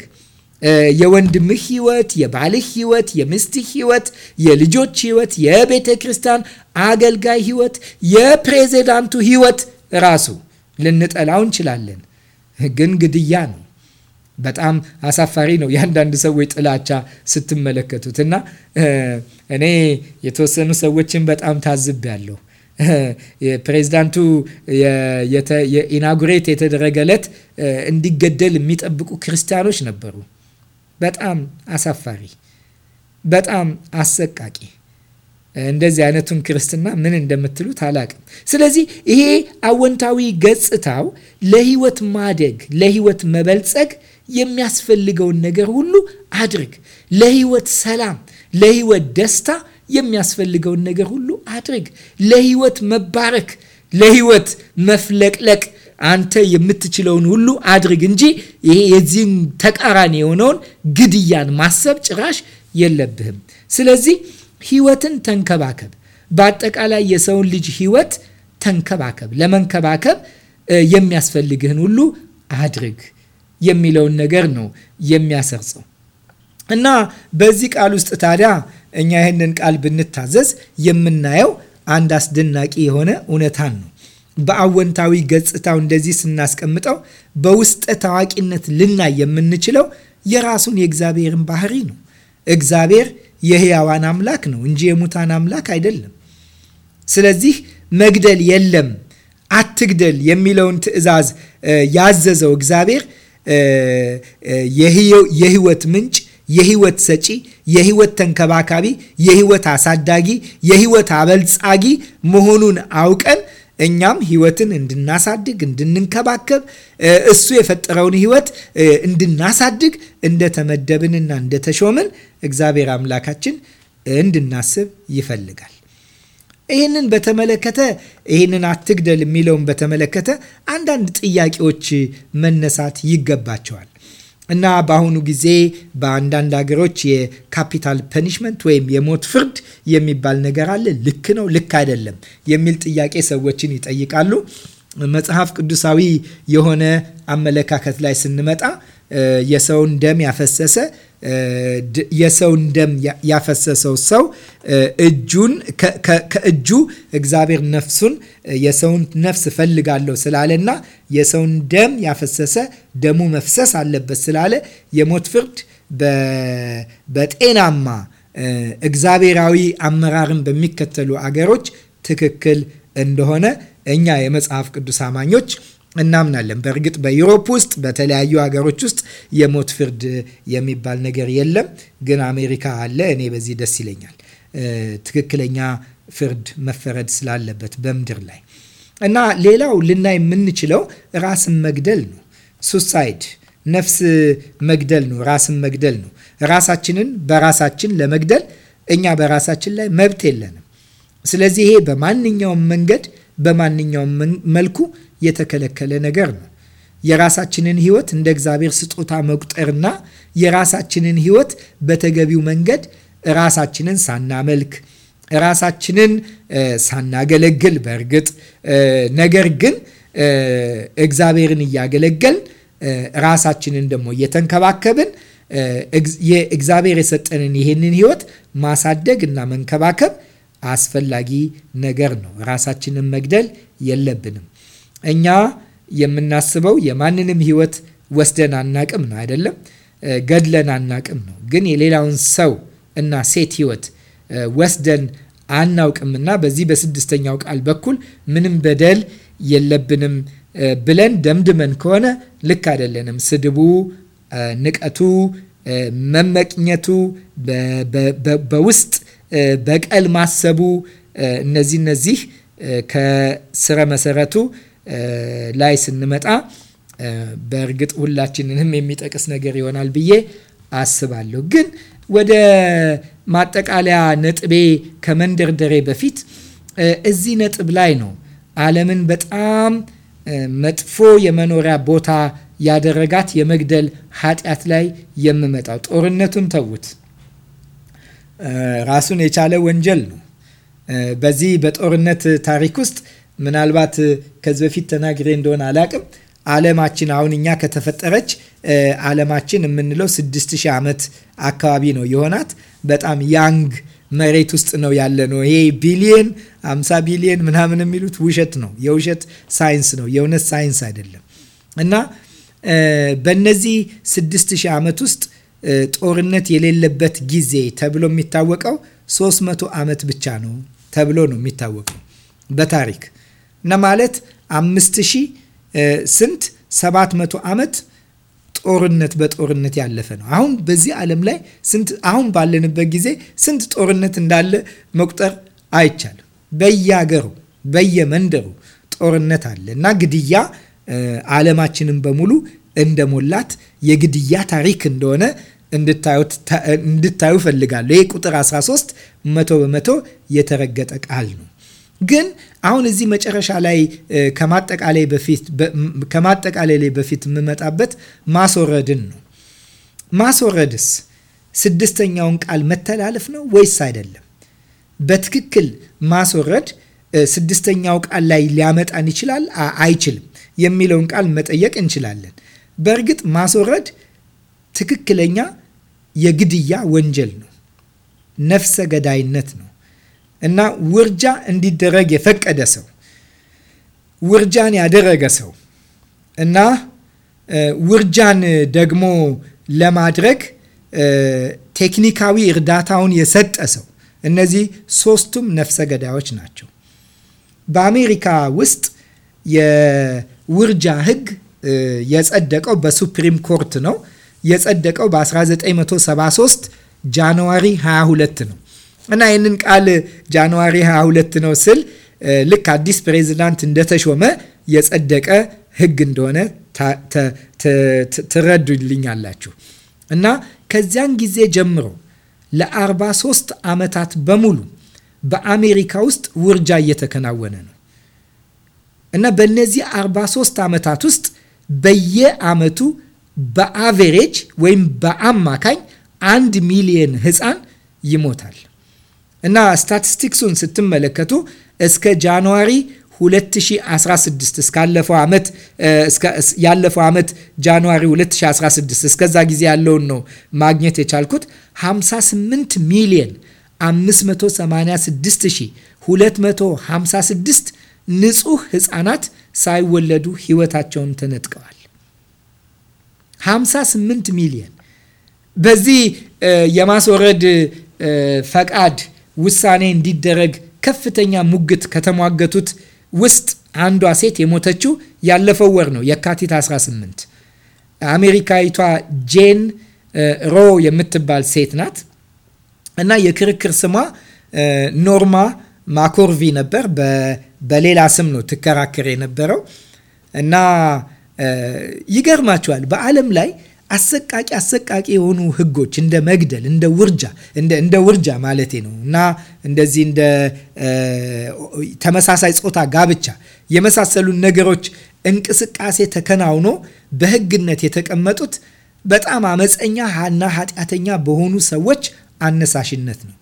የወንድምህ ህይወት፣ የባልህ ህይወት፣ የሚስትህ ህይወት፣ የልጆች ህይወት፣ የቤተ ክርስቲያን አገልጋይ ህይወት፣ የፕሬዚዳንቱ ህይወት ራሱ ልንጠላው እንችላለን። ግን ግድያ ነው። በጣም አሳፋሪ ነው የአንዳንድ ሰዎች ጥላቻ ስትመለከቱት እና እኔ የተወሰኑ ሰዎችን በጣም ታዝቤያለሁ። ፕሬዚዳንቱ ኢናጉሬት የተደረገ እንዲገደል የሚጠብቁ ክርስቲያኖች ነበሩ። በጣም አሳፋሪ፣ በጣም አሰቃቂ እንደዚህ አይነቱን ክርስትና ምን እንደምትሉት አላቅም። ስለዚህ ይሄ አወንታዊ ገጽታው ለህይወት ማደግ፣ ለህይወት መበልጸግ የሚያስፈልገውን ነገር ሁሉ አድርግ። ለህይወት ሰላም፣ ለህይወት ደስታ የሚያስፈልገውን ነገር ሁሉ አድርግ። ለህይወት መባረክ፣ ለህይወት መፍለቅለቅ አንተ የምትችለውን ሁሉ አድርግ እንጂ ይሄ የዚህን ተቃራኒ የሆነውን ግድያን ማሰብ ጭራሽ የለብህም። ስለዚህ ህይወትን ተንከባከብ። በአጠቃላይ የሰውን ልጅ ህይወት ተንከባከብ። ለመንከባከብ የሚያስፈልግህን ሁሉ አድርግ የሚለውን ነገር ነው የሚያሰርጸው። እና በዚህ ቃል ውስጥ ታዲያ እኛ ይህንን ቃል ብንታዘዝ የምናየው አንድ አስደናቂ የሆነ እውነታን ነው። በአወንታዊ ገጽታው እንደዚህ ስናስቀምጠው በውስጠ ታዋቂነት ልናይ የምንችለው የራሱን የእግዚአብሔርን ባህሪ ነው። እግዚአብሔር የሕያዋን አምላክ ነው እንጂ የሙታን አምላክ አይደለም። ስለዚህ መግደል የለም አትግደል የሚለውን ትዕዛዝ ያዘዘው እግዚአብሔር የህይወት ምንጭ፣ የህይወት ሰጪ፣ የህይወት ተንከባካቢ፣ የህይወት አሳዳጊ፣ የህይወት አበልጻጊ መሆኑን አውቀን እኛም ህይወትን እንድናሳድግ እንድንንከባከብ እሱ የፈጠረውን ህይወት እንድናሳድግ እንደተመደብንና እንደተሾምን እግዚአብሔር አምላካችን እንድናስብ ይፈልጋል። ይህንን በተመለከተ ይህንን አትግደል የሚለውን በተመለከተ አንዳንድ ጥያቄዎች መነሳት ይገባቸዋል። እና በአሁኑ ጊዜ በአንዳንድ ሀገሮች የካፒታል ፐኒሽመንት ወይም የሞት ፍርድ የሚባል ነገር አለ። ልክ ነው፣ ልክ አይደለም የሚል ጥያቄ ሰዎችን ይጠይቃሉ። መጽሐፍ ቅዱሳዊ የሆነ አመለካከት ላይ ስንመጣ የሰውን ደም ያፈሰሰ የሰውን ደም ያፈሰሰው ሰው እጁን ከእጁ እግዚአብሔር ነፍሱን የሰውን ነፍስ እፈልጋለሁ ስላለና የሰውን ደም ያፈሰሰ ደሙ መፍሰስ አለበት ስላለ የሞት ፍርድ በጤናማ እግዚአብሔራዊ አመራርን በሚከተሉ አገሮች ትክክል እንደሆነ እኛ የመጽሐፍ ቅዱስ አማኞች እናምናለን። በእርግጥ በዩሮፕ ውስጥ በተለያዩ ሀገሮች ውስጥ የሞት ፍርድ የሚባል ነገር የለም፣ ግን አሜሪካ አለ። እኔ በዚህ ደስ ይለኛል። ትክክለኛ ፍርድ መፈረድ ስላለበት በምድር ላይ እና ሌላው ልናይ የምንችለው ራስን መግደል ነው። ሱሳይድ ነፍስ መግደል ነው። ራስን መግደል ነው። ራሳችንን በራሳችን ለመግደል እኛ በራሳችን ላይ መብት የለንም። ስለዚህ ይሄ በማንኛውም መንገድ በማንኛውም መልኩ የተከለከለ ነገር ነው። የራሳችንን ሕይወት እንደ እግዚአብሔር ስጦታ መቁጠርና የራሳችንን ሕይወት በተገቢው መንገድ ራሳችንን ሳናመልክ ራሳችንን ሳናገለግል በእርግጥ ነገር ግን እግዚአብሔርን እያገለገልን ራሳችንን ደግሞ እየተንከባከብን የእግዚአብሔር የሰጠንን ይህንን ህይወት ማሳደግ እና መንከባከብ አስፈላጊ ነገር ነው። ራሳችንን መግደል የለብንም። እኛ የምናስበው የማንንም ህይወት ወስደን አናቅም ነው አይደለም፣ ገድለን አናቅም ነው። ግን የሌላውን ሰው እና ሴት ህይወት ወስደን አናውቅምና በዚህ በስድስተኛው ቃል በኩል ምንም በደል የለብንም ብለን ደምድመን ከሆነ ልክ አይደለንም። ስድቡ፣ ንቀቱ፣ መመቅኘቱ፣ በውስጥ በቀል ማሰቡ እነዚህ እነዚህ ከስረ መሰረቱ ላይ ስንመጣ በእርግጥ ሁላችንንም የሚጠቅስ ነገር ይሆናል ብዬ አስባለሁ ግን ወደ ማጠቃለያ ነጥቤ ከመንደርደሬ በፊት እዚህ ነጥብ ላይ ነው ዓለምን በጣም መጥፎ የመኖሪያ ቦታ ያደረጋት የመግደል ኃጢአት ላይ የምመጣው። ጦርነቱን ተዉት፣ ራሱን የቻለ ወንጀል ነው። በዚህ በጦርነት ታሪክ ውስጥ ምናልባት ከዚህ በፊት ተናግሬ እንደሆነ አላቅም ዓለማችን አሁን እኛ ከተፈጠረች ዓለማችን የምንለው 6000 ዓመት አካባቢ ነው የሆናት። በጣም ያንግ መሬት ውስጥ ነው ያለ ነው። ይሄ ቢሊየን 50 ቢሊየን ምናምን የሚሉት ውሸት ነው። የውሸት ሳይንስ ነው፣ የእውነት ሳይንስ አይደለም። እና በእነዚህ 6000 ዓመት ውስጥ ጦርነት የሌለበት ጊዜ ተብሎ የሚታወቀው 300 ዓመት ብቻ ነው ተብሎ ነው የሚታወቀው በታሪክ እና ማለት 5000 ስንት ሰባት መቶ ዓመት ጦርነት በጦርነት ያለፈ ነው። አሁን በዚህ ዓለም ላይ ስንት አሁን ባለንበት ጊዜ ስንት ጦርነት እንዳለ መቁጠር አይቻልም። በየአገሩ በየመንደሩ ጦርነት አለ እና ግድያ ዓለማችንን በሙሉ እንደሞላት የግድያ ታሪክ እንደሆነ እንድታዩ ፈልጋለሁ። ይህ ቁጥር 13 መቶ በመቶ የተረገጠ ቃል ነው። ግን አሁን እዚህ መጨረሻ ላይ ከማጠቃላይ በፊት ከማጠቃላይ ላይ በፊት የምመጣበት ማስወረድን ነው። ማስወረድስ ስድስተኛውን ቃል መተላለፍ ነው ወይስ አይደለም? በትክክል ማስወረድ ስድስተኛው ቃል ላይ ሊያመጣን ይችላል አይችልም የሚለውን ቃል መጠየቅ እንችላለን። በእርግጥ ማስወረድ ትክክለኛ የግድያ ወንጀል ነው። ነፍሰ ገዳይነት ነው። እና ውርጃ እንዲደረግ የፈቀደ ሰው ውርጃን ያደረገ ሰው እና ውርጃን ደግሞ ለማድረግ ቴክኒካዊ እርዳታውን የሰጠ ሰው እነዚህ ሶስቱም ነፍሰ ገዳዮች ናቸው። በአሜሪካ ውስጥ የውርጃ ህግ የጸደቀው በሱፕሪም ኮርት ነው። የጸደቀው በ1973 ጃንዋሪ 22 ነው። እና ይህንን ቃል ጃንዋሪ 22 ነው ስል ልክ አዲስ ፕሬዚዳንት እንደተሾመ የጸደቀ ህግ እንደሆነ ትረዱልኛላችሁ። እና ከዚያን ጊዜ ጀምሮ ለ43 ዓመታት በሙሉ በአሜሪካ ውስጥ ውርጃ እየተከናወነ ነው እና በእነዚህ 43 ዓመታት ውስጥ በየአመቱ በአቬሬጅ ወይም በአማካኝ አንድ ሚሊየን ህፃን ይሞታል። እና ስታቲስቲክሱን ስትመለከቱ እስከ ጃንዋሪ 2016 እስካለፈው ዓመት ያለፈው ዓመት ጃንዋሪ 2016 እስከዛ ጊዜ ያለውን ነው ማግኘት የቻልኩት 58 ሚሊዮን 586256 ንጹህ ህፃናት ሳይወለዱ ህይወታቸውን ተነጥቀዋል። 58 ሚሊዮን በዚህ የማስወረድ ፈቃድ ውሳኔ እንዲደረግ ከፍተኛ ሙግት ከተሟገቱት ውስጥ አንዷ ሴት የሞተችው ያለፈው ወር ነው፣ የካቲት 18 አሜሪካዊቷ ጄን ሮ የምትባል ሴት ናት እና የክርክር ስሟ ኖርማ ማኮርቪ ነበር። በሌላ ስም ነው ትከራከር የነበረው እና ይገርማቸዋል በዓለም ላይ አሰቃቂ አሰቃቂ የሆኑ ህጎች እንደ መግደል፣ እንደ ውርጃ እንደ ውርጃ ማለቴ ነው እና እንደዚህ እንደ ተመሳሳይ ጾታ ጋብቻ የመሳሰሉን ነገሮች እንቅስቃሴ ተከናውኖ በህግነት የተቀመጡት በጣም አመፀኛ እና ኃጢአተኛ በሆኑ ሰዎች አነሳሽነት ነው።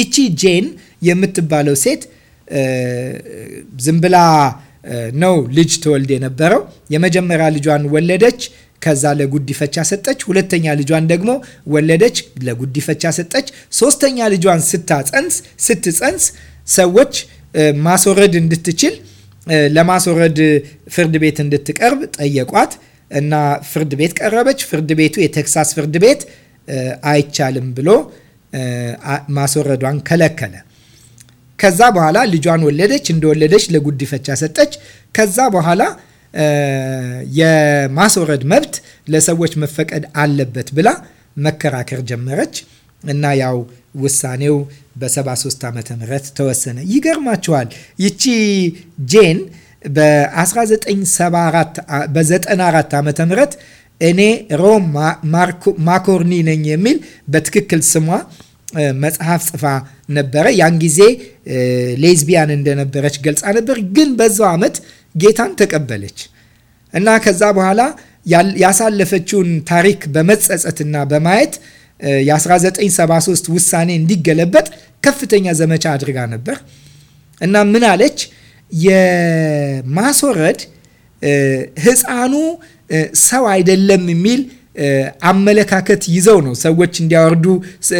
ይቺ ጄን የምትባለው ሴት ዝምብላ ነው ልጅ ትወልድ የነበረው። የመጀመሪያ ልጇን ወለደች። ከዛ ለጉዲፈቻ ሰጠች። ሁለተኛ ልጇን ደግሞ ወለደች፣ ለጉዲፈቻ ሰጠች። ሶስተኛ ልጇን ስታጸንስ ስትጸንስ ሰዎች ማስወረድ እንድትችል ለማስወረድ ፍርድ ቤት እንድትቀርብ ጠየቋት እና ፍርድ ቤት ቀረበች። ፍርድ ቤቱ የቴክሳስ ፍርድ ቤት አይቻልም ብሎ ማስወረዷን ከለከለ። ከዛ በኋላ ልጇን ወለደች። እንደወለደች ለጉዲፈቻ ሰጠች። ከዛ በኋላ የማስወረድ መብት ለሰዎች መፈቀድ አለበት ብላ መከራከር ጀመረች እና ያው ውሳኔው በ73 ዓመተ ምህረት ተወሰነ። ይገርማችኋል ይቺ ጄን በ1974 በ94 ዓመተ ምህረት እኔ ሮም ማኮርኒ ነኝ የሚል በትክክል ስሟ መጽሐፍ ጽፋ ነበረ። ያን ጊዜ ሌዝቢያን እንደነበረች ገልጻ ነበር። ግን በዛው ዓመት ጌታን ተቀበለች እና ከዛ በኋላ ያሳለፈችውን ታሪክ በመጸጸትና በማየት የ1973 ውሳኔ እንዲገለበጥ ከፍተኛ ዘመቻ አድርጋ ነበር እና ምን አለች? የማስወረድ ህፃኑ ሰው አይደለም የሚል አመለካከት ይዘው ነው ሰዎች እንዲያወርዱ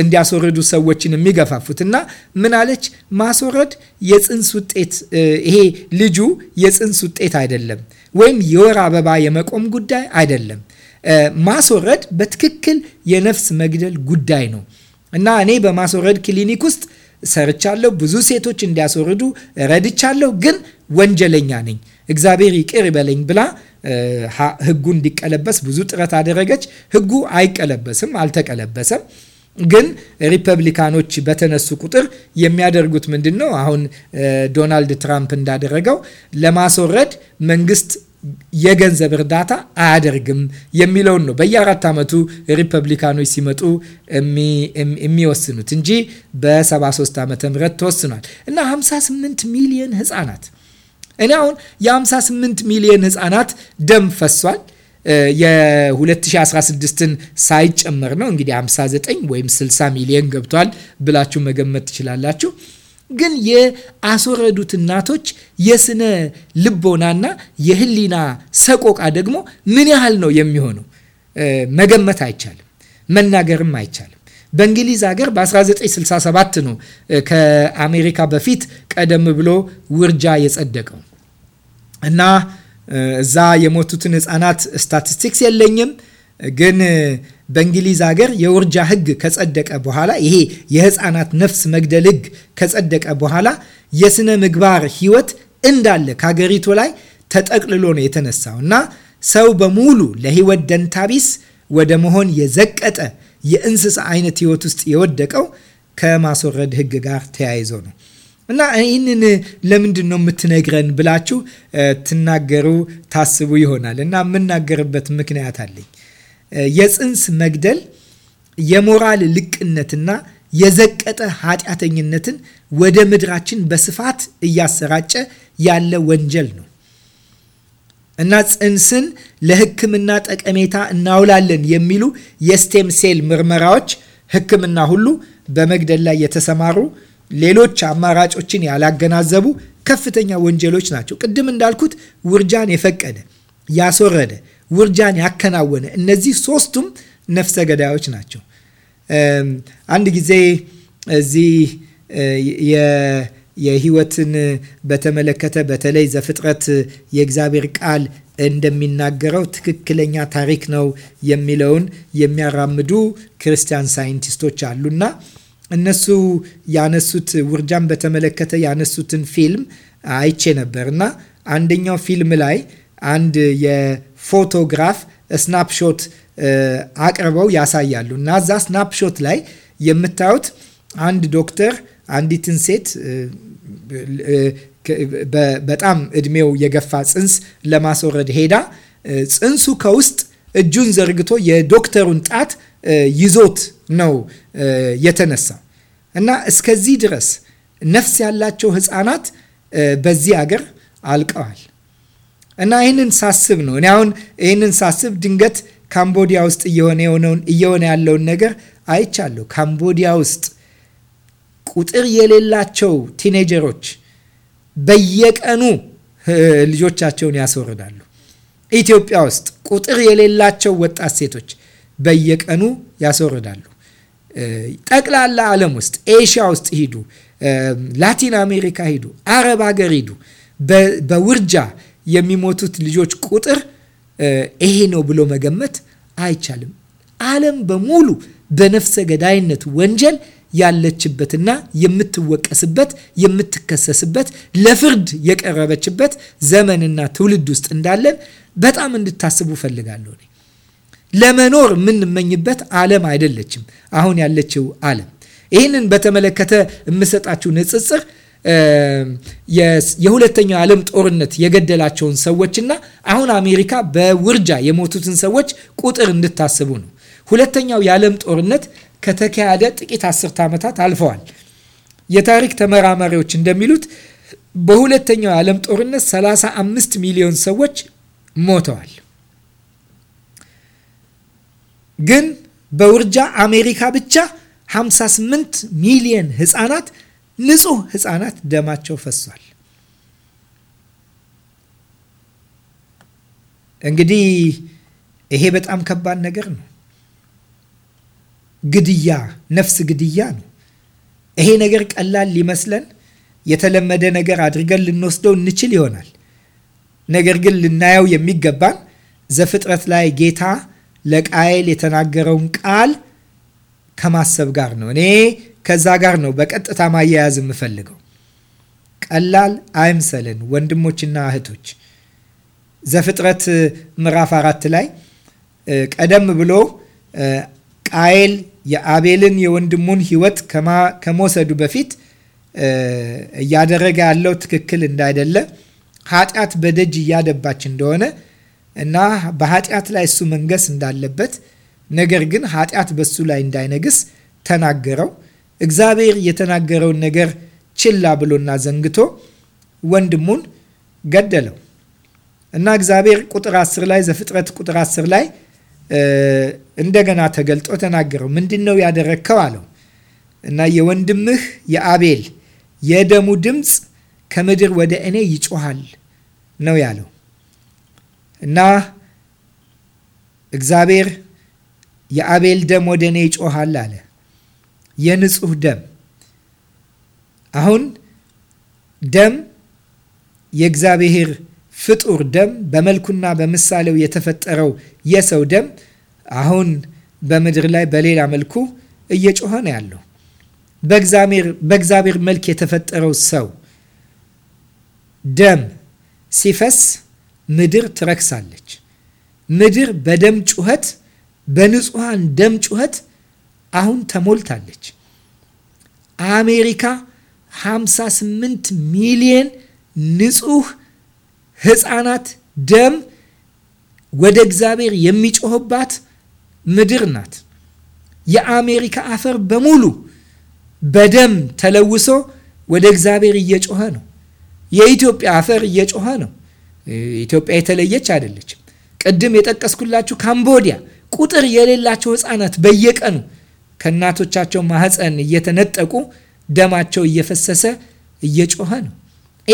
እንዲያስወርዱ ሰዎችን የሚገፋፉት እና ምን አለች ማስወረድ የፅንስ ውጤት ይሄ ልጁ የፅንስ ውጤት አይደለም፣ ወይም የወር አበባ የመቆም ጉዳይ አይደለም። ማስወረድ በትክክል የነፍስ መግደል ጉዳይ ነው እና እኔ በማስወረድ ክሊኒክ ውስጥ ሰርቻለሁ። ብዙ ሴቶች እንዲያስወርዱ ረድቻለሁ። ግን ወንጀለኛ ነኝ፣ እግዚአብሔር ይቅር ይበለኝ ብላ ህጉ እንዲቀለበስ ብዙ ጥረት አደረገች። ህጉ አይቀለበስም፣ አልተቀለበሰም። ግን ሪፐብሊካኖች በተነሱ ቁጥር የሚያደርጉት ምንድን ነው? አሁን ዶናልድ ትራምፕ እንዳደረገው ለማስወረድ መንግስት የገንዘብ እርዳታ አያደርግም የሚለውን ነው በየአራት ዓመቱ ሪፐብሊካኖች ሲመጡ የሚወስኑት እንጂ በ73 ዓመተ ምህረት ተወስኗል እና 58 ሚሊዮን ህፃናት እኔ አሁን የ58 ሚሊዮን ህፃናት ደም ፈሷል። የ2016ን ሳይጨመር ነው እንግዲህ 59 ወይም 60 ሚሊዮን ገብቷል ብላችሁ መገመት ትችላላችሁ። ግን የአስወረዱት እናቶች የስነ ልቦናና የህሊና ሰቆቃ ደግሞ ምን ያህል ነው የሚሆነው መገመት አይቻልም፣ መናገርም አይቻልም። በእንግሊዝ ሀገር በ1967 ነው ከአሜሪካ በፊት ቀደም ብሎ ውርጃ የጸደቀው እና እዛ የሞቱትን ህፃናት ስታቲስቲክስ የለኝም ግን በእንግሊዝ ሀገር የውርጃ ህግ ከጸደቀ በኋላ ይሄ የህፃናት ነፍስ መግደል ህግ ከጸደቀ በኋላ የስነ ምግባር ህይወት እንዳለ ከሀገሪቱ ላይ ተጠቅልሎ ነው የተነሳው እና ሰው በሙሉ ለህይወት ደንታቢስ ወደ መሆን የዘቀጠ የእንስሳ አይነት ህይወት ውስጥ የወደቀው ከማስወረድ ህግ ጋር ተያይዞ ነው። እና ይህንን ለምንድን ነው የምትነግረን ብላችሁ ትናገሩ ታስቡ ይሆናል። እና የምናገርበት ምክንያት አለኝ። የፅንስ መግደል የሞራል ልቅነትና የዘቀጠ ኃጢአተኝነትን ወደ ምድራችን በስፋት እያሰራጨ ያለ ወንጀል ነው። እና ጽንስን ለሕክምና ጠቀሜታ እናውላለን የሚሉ የስቴም ሴል ምርመራዎች ሕክምና ሁሉ በመግደል ላይ የተሰማሩ ሌሎች አማራጮችን ያላገናዘቡ ከፍተኛ ወንጀሎች ናቸው። ቅድም እንዳልኩት ውርጃን የፈቀደ ያስወረደ፣ ውርጃን ያከናወነ እነዚህ ሶስቱም ነፍሰ ገዳዮች ናቸው። አንድ ጊዜ እዚህ የህይወትን በተመለከተ በተለይ ዘፍጥረት የእግዚአብሔር ቃል እንደሚናገረው ትክክለኛ ታሪክ ነው የሚለውን የሚያራምዱ ክርስቲያን ሳይንቲስቶች አሉና እነሱ ያነሱት ውርጃን በተመለከተ ያነሱትን ፊልም አይቼ ነበር እና አንደኛው ፊልም ላይ አንድ የፎቶግራፍ ስናፕሾት አቅርበው ያሳያሉ እና እዛ ስናፕሾት ላይ የምታዩት አንድ ዶክተር አንዲትን ሴት በጣም እድሜው የገፋ ጽንስ ለማስወረድ ሄዳ ጽንሱ ከውስጥ እጁን ዘርግቶ የዶክተሩን ጣት ይዞት ነው የተነሳ እና እስከዚህ ድረስ ነፍስ ያላቸው ህፃናት በዚህ አገር አልቀዋል። እና ይህንን ሳስብ ነው እኔ አሁን ይህንን ሳስብ ድንገት ካምቦዲያ ውስጥ እየሆነ ያለውን ነገር አይቻለሁ። ካምቦዲያ ውስጥ ቁጥር የሌላቸው ቲኔጀሮች በየቀኑ ልጆቻቸውን ያስወርዳሉ። ኢትዮጵያ ውስጥ ቁጥር የሌላቸው ወጣት ሴቶች በየቀኑ ያስወርዳሉ። ጠቅላላ ዓለም ውስጥ ኤሽያ ውስጥ ሂዱ፣ ላቲን አሜሪካ ሂዱ፣ አረብ ሀገር ሂዱ። በውርጃ የሚሞቱት ልጆች ቁጥር ይሄ ነው ብሎ መገመት አይቻልም። ዓለም በሙሉ በነፍሰ ገዳይነት ወንጀል ያለችበትና የምትወቀስበት፣ የምትከሰስበት፣ ለፍርድ የቀረበችበት ዘመንና ትውልድ ውስጥ እንዳለን በጣም እንድታስቡ ፈልጋለሁ። ለመኖር የምንመኝበት ዓለም አይደለችም አሁን ያለችው ዓለም። ይህንን በተመለከተ የምሰጣችሁ ንጽጽር የሁለተኛው ዓለም ጦርነት የገደላቸውን ሰዎችና አሁን አሜሪካ በውርጃ የሞቱትን ሰዎች ቁጥር እንድታስቡ ነው። ሁለተኛው የዓለም ጦርነት ከተካሄደ ጥቂት አስርት ዓመታት አልፈዋል። የታሪክ ተመራማሪዎች እንደሚሉት በሁለተኛው የዓለም ጦርነት 35 ሚሊዮን ሰዎች ሞተዋል። ግን በውርጃ አሜሪካ ብቻ 58 ሚሊዮን ህፃናት ንጹህ ህፃናት ደማቸው ፈሷል። እንግዲህ ይሄ በጣም ከባድ ነገር ነው። ግድያ፣ ነፍስ ግድያ ነው። ይሄ ነገር ቀላል ሊመስለን የተለመደ ነገር አድርገን ልንወስደው እንችል ይሆናል። ነገር ግን ልናየው የሚገባን ዘፍጥረት ላይ ጌታ ለቃየል የተናገረውን ቃል ከማሰብ ጋር ነው። እኔ ከዛ ጋር ነው በቀጥታ ማያያዝ የምፈልገው። ቀላል አይምሰልን ወንድሞችና እህቶች። ዘፍጥረት ምዕራፍ አራት ላይ ቀደም ብሎ ቃየል የአቤልን የወንድሙን ሕይወት ከመውሰዱ በፊት እያደረገ ያለው ትክክል እንዳይደለ ኃጢአት በደጅ እያደባች እንደሆነ እና በኃጢአት ላይ እሱ መንገስ እንዳለበት ነገር ግን ኃጢአት በሱ ላይ እንዳይነግስ ተናገረው። እግዚአብሔር የተናገረውን ነገር ችላ ብሎና ዘንግቶ ወንድሙን ገደለው እና እግዚአብሔር ቁጥር 10 ላይ ዘፍጥረት ቁጥር 10 ላይ እንደገና ተገልጦ ተናገረው። ምንድን ነው ያደረግከው አለው እና የወንድምህ የአቤል የደሙ ድምፅ ከምድር ወደ እኔ ይጮሃል ነው ያለው እና እግዚአብሔር የአቤል ደም ወደ እኔ ይጮሃል አለ። የንጹህ ደም አሁን ደም የእግዚአብሔር ፍጡር ደም በመልኩና በምሳሌው የተፈጠረው የሰው ደም አሁን በምድር ላይ በሌላ መልኩ እየጮኸ ነው ያለው። በእግዚአብሔር መልክ የተፈጠረው ሰው ደም ሲፈስ ምድር ትረክሳለች። ምድር በደም ጩኸት፣ በንጹሐን ደም ጩኸት አሁን ተሞልታለች። አሜሪካ 58 ሚሊየን ንጹህ ህፃናት ደም ወደ እግዚአብሔር የሚጮህባት ምድር ናት። የአሜሪካ አፈር በሙሉ በደም ተለውሶ ወደ እግዚአብሔር እየጮኸ ነው። የኢትዮጵያ አፈር እየጮኸ ነው። ኢትዮጵያ የተለየች አይደለችም። ቅድም የጠቀስኩላችሁ ካምቦዲያ ቁጥር የሌላቸው ህፃናት በየቀኑ ከእናቶቻቸው ማህፀን እየተነጠቁ ደማቸው እየፈሰሰ እየጮኸ ነው።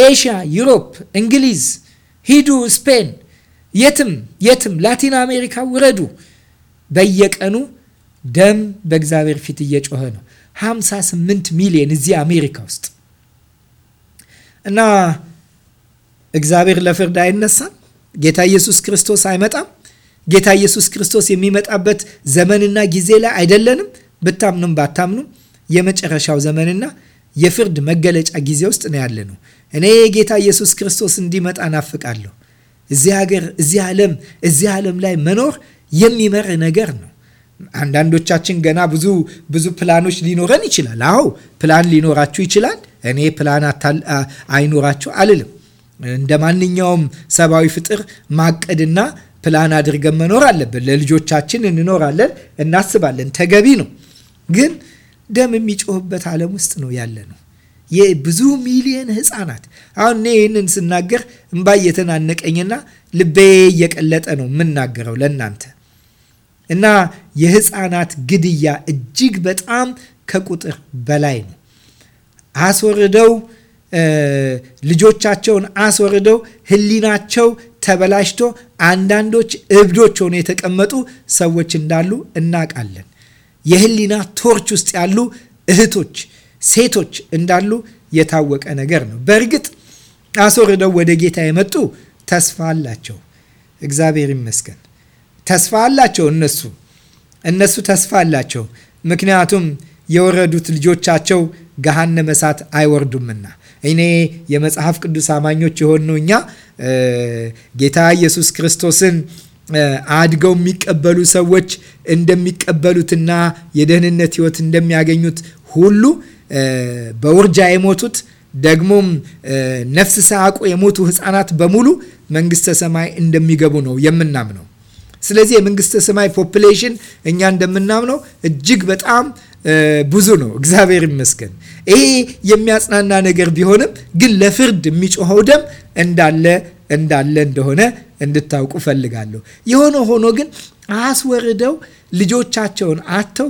ኤሽያ፣ ዩሮፕ፣ እንግሊዝ ሂዱ ስፔን፣ የትም የትም ላቲን አሜሪካ ውረዱ። በየቀኑ ደም በእግዚአብሔር ፊት እየጮኸ ነው። 58 ሚሊዮን እዚህ አሜሪካ ውስጥ እና እግዚአብሔር ለፍርድ አይነሳም። ጌታ ኢየሱስ ክርስቶስ አይመጣም። ጌታ ኢየሱስ ክርስቶስ የሚመጣበት ዘመንና ጊዜ ላይ አይደለንም። ብታምኑም ባታምኑም የመጨረሻው ዘመንና የፍርድ መገለጫ ጊዜ ውስጥ ነው ያለ ነው። እኔ ጌታ ኢየሱስ ክርስቶስ እንዲመጣ እናፍቃለሁ። እዚህ ሀገር፣ እዚህ ዓለም፣ እዚህ ዓለም ላይ መኖር የሚመር ነገር ነው። አንዳንዶቻችን ገና ብዙ ብዙ ፕላኖች ሊኖረን ይችላል። አዎ ፕላን ሊኖራችሁ ይችላል። እኔ ፕላን አይኖራችሁ አልልም። እንደ ማንኛውም ሰብአዊ ፍጥር ማቀድና ፕላን አድርገን መኖር አለብን። ለልጆቻችን እንኖራለን፣ እናስባለን፣ ተገቢ ነው። ግን ደም የሚጮህበት ዓለም ውስጥ ነው ያለ ነው። የብዙ ሚሊየን ህፃናት። አሁን እኔ ይህንን ስናገር እምባ እየተናነቀኝና ልቤ እየቀለጠ ነው የምናገረው ለእናንተ እና የህፃናት ግድያ እጅግ በጣም ከቁጥር በላይ ነው። አስወርደው ልጆቻቸውን አስወርደው ህሊናቸው ተበላሽቶ አንዳንዶች እብዶች ሆነው የተቀመጡ ሰዎች እንዳሉ እናውቃለን። የህሊና ቶርች ውስጥ ያሉ እህቶች ሴቶች እንዳሉ የታወቀ ነገር ነው። በእርግጥ አስወርደው ወደ ጌታ የመጡ ተስፋ አላቸው። እግዚአብሔር ይመስገን ተስፋ አላቸው። እነሱ እነሱ ተስፋ አላቸው። ምክንያቱም የወረዱት ልጆቻቸው ገሃነመ እሳት አይወርዱምና። እኔ የመጽሐፍ ቅዱስ አማኞች የሆኑ እኛ ጌታ ኢየሱስ ክርስቶስን አድገው የሚቀበሉ ሰዎች እንደሚቀበሉትና የደህንነት ሕይወት እንደሚያገኙት ሁሉ በውርጃ የሞቱት ደግሞም ነፍስ ሳያውቁ የሞቱ ህፃናት በሙሉ መንግስተ ሰማይ እንደሚገቡ ነው የምናምነው። ስለዚህ የመንግስተ ሰማይ ፖፕሌሽን እኛ እንደምናምነው እጅግ በጣም ብዙ ነው። እግዚአብሔር ይመስገን። ይሄ የሚያጽናና ነገር ቢሆንም ግን ለፍርድ የሚጮኸው ደም እንዳለ እንዳለ እንደሆነ እንድታውቁ ፈልጋለሁ። የሆነ ሆኖ ግን አስወርደው ልጆቻቸውን አተው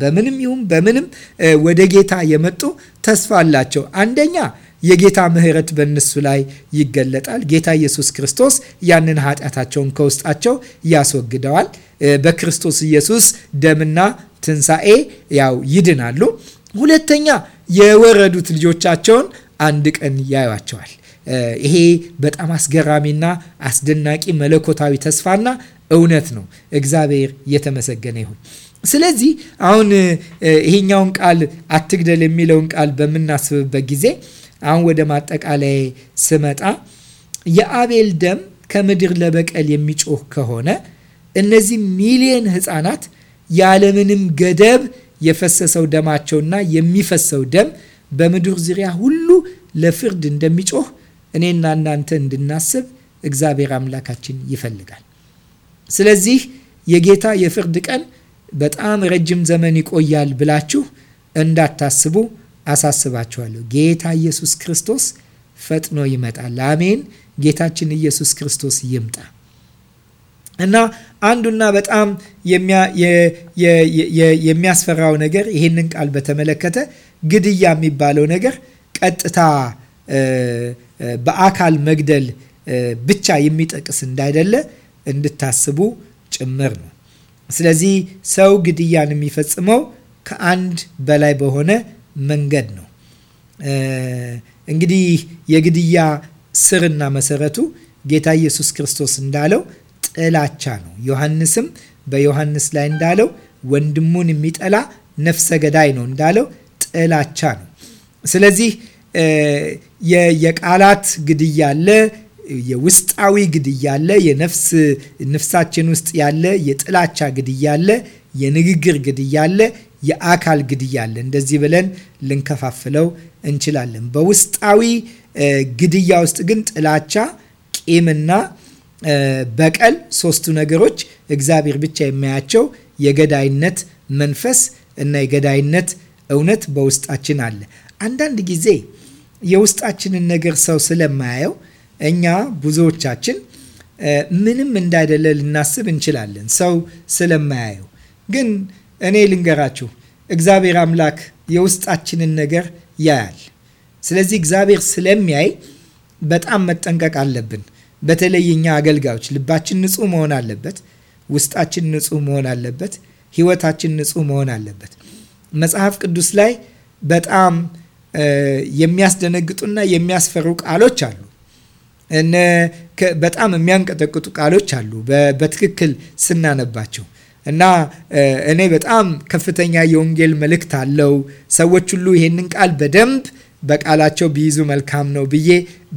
በምንም ይሁን በምንም ወደ ጌታ የመጡ ተስፋ አላቸው። አንደኛ የጌታ ምሕረት በእነሱ ላይ ይገለጣል። ጌታ ኢየሱስ ክርስቶስ ያንን ኃጢአታቸውን ከውስጣቸው ያስወግደዋል። በክርስቶስ ኢየሱስ ደምና ትንሣኤ ያው ይድናሉ። ሁለተኛ የወረዱት ልጆቻቸውን አንድ ቀን ያዩቸዋል። ይሄ በጣም አስገራሚና አስደናቂ መለኮታዊ ተስፋና እውነት ነው። እግዚአብሔር የተመሰገነ ይሁን። ስለዚህ አሁን ይሄኛውን ቃል አትግደል የሚለውን ቃል በምናስብበት ጊዜ አሁን ወደ ማጠቃላይ ስመጣ የአቤል ደም ከምድር ለበቀል የሚጮህ ከሆነ እነዚህ ሚሊዮን ህፃናት ያለምንም ገደብ የፈሰሰው ደማቸውና የሚፈሰው ደም በምድር ዙሪያ ሁሉ ለፍርድ እንደሚጮህ እኔና እናንተ እንድናስብ እግዚአብሔር አምላካችን ይፈልጋል። ስለዚህ የጌታ የፍርድ ቀን በጣም ረጅም ዘመን ይቆያል ብላችሁ እንዳታስቡ አሳስባችኋለሁ። ጌታ ኢየሱስ ክርስቶስ ፈጥኖ ይመጣል። አሜን። ጌታችን ኢየሱስ ክርስቶስ ይምጣ እና አንዱና በጣም የሚያስፈራው ነገር ይህንን ቃል በተመለከተ ግድያ የሚባለው ነገር ቀጥታ በአካል መግደል ብቻ የሚጠቅስ እንዳይደለ እንድታስቡ ጭምር ነው። ስለዚህ ሰው ግድያን የሚፈጽመው ከአንድ በላይ በሆነ መንገድ ነው። እንግዲህ የግድያ ስርና መሰረቱ ጌታ ኢየሱስ ክርስቶስ እንዳለው ጥላቻ ነው። ዮሐንስም በዮሐንስ ላይ እንዳለው ወንድሙን የሚጠላ ነፍሰ ገዳይ ነው እንዳለው ጥላቻ ነው። ስለዚህ የቃላት ግድያ አለ፣ የውስጣዊ ግድያ አለ፣ የነፍስ ነፍሳችን ውስጥ ያለ የጥላቻ ግድያ አለ፣ የንግግር ግድያ አለ፣ የአካል ግድያ አለ። እንደዚህ ብለን ልንከፋፍለው እንችላለን። በውስጣዊ ግድያ ውስጥ ግን ጥላቻ፣ ቂምና በቀል ሶስቱ ነገሮች እግዚአብሔር ብቻ የሚያያቸው የገዳይነት መንፈስ እና የገዳይነት እውነት በውስጣችን አለ። አንዳንድ ጊዜ የውስጣችንን ነገር ሰው ስለማያየው እኛ ብዙዎቻችን ምንም እንዳይደለ ልናስብ እንችላለን፣ ሰው ስለማያየው። ግን እኔ ልንገራችሁ፣ እግዚአብሔር አምላክ የውስጣችንን ነገር ያያል። ስለዚህ እግዚአብሔር ስለሚያይ በጣም መጠንቀቅ አለብን። በተለይ እኛ አገልጋዮች ልባችን ንጹህ መሆን አለበት። ውስጣችን ንጹህ መሆን አለበት። ህይወታችን ንጹህ መሆን አለበት። መጽሐፍ ቅዱስ ላይ በጣም የሚያስደነግጡና የሚያስፈሩ ቃሎች አሉ። በጣም የሚያንቀጠቅጡ ቃሎች አሉ በትክክል ስናነባቸው እና እኔ በጣም ከፍተኛ የወንጌል መልእክት አለው። ሰዎች ሁሉ ይሄንን ቃል በደንብ በቃላቸው ቢይዙ መልካም ነው ብዬ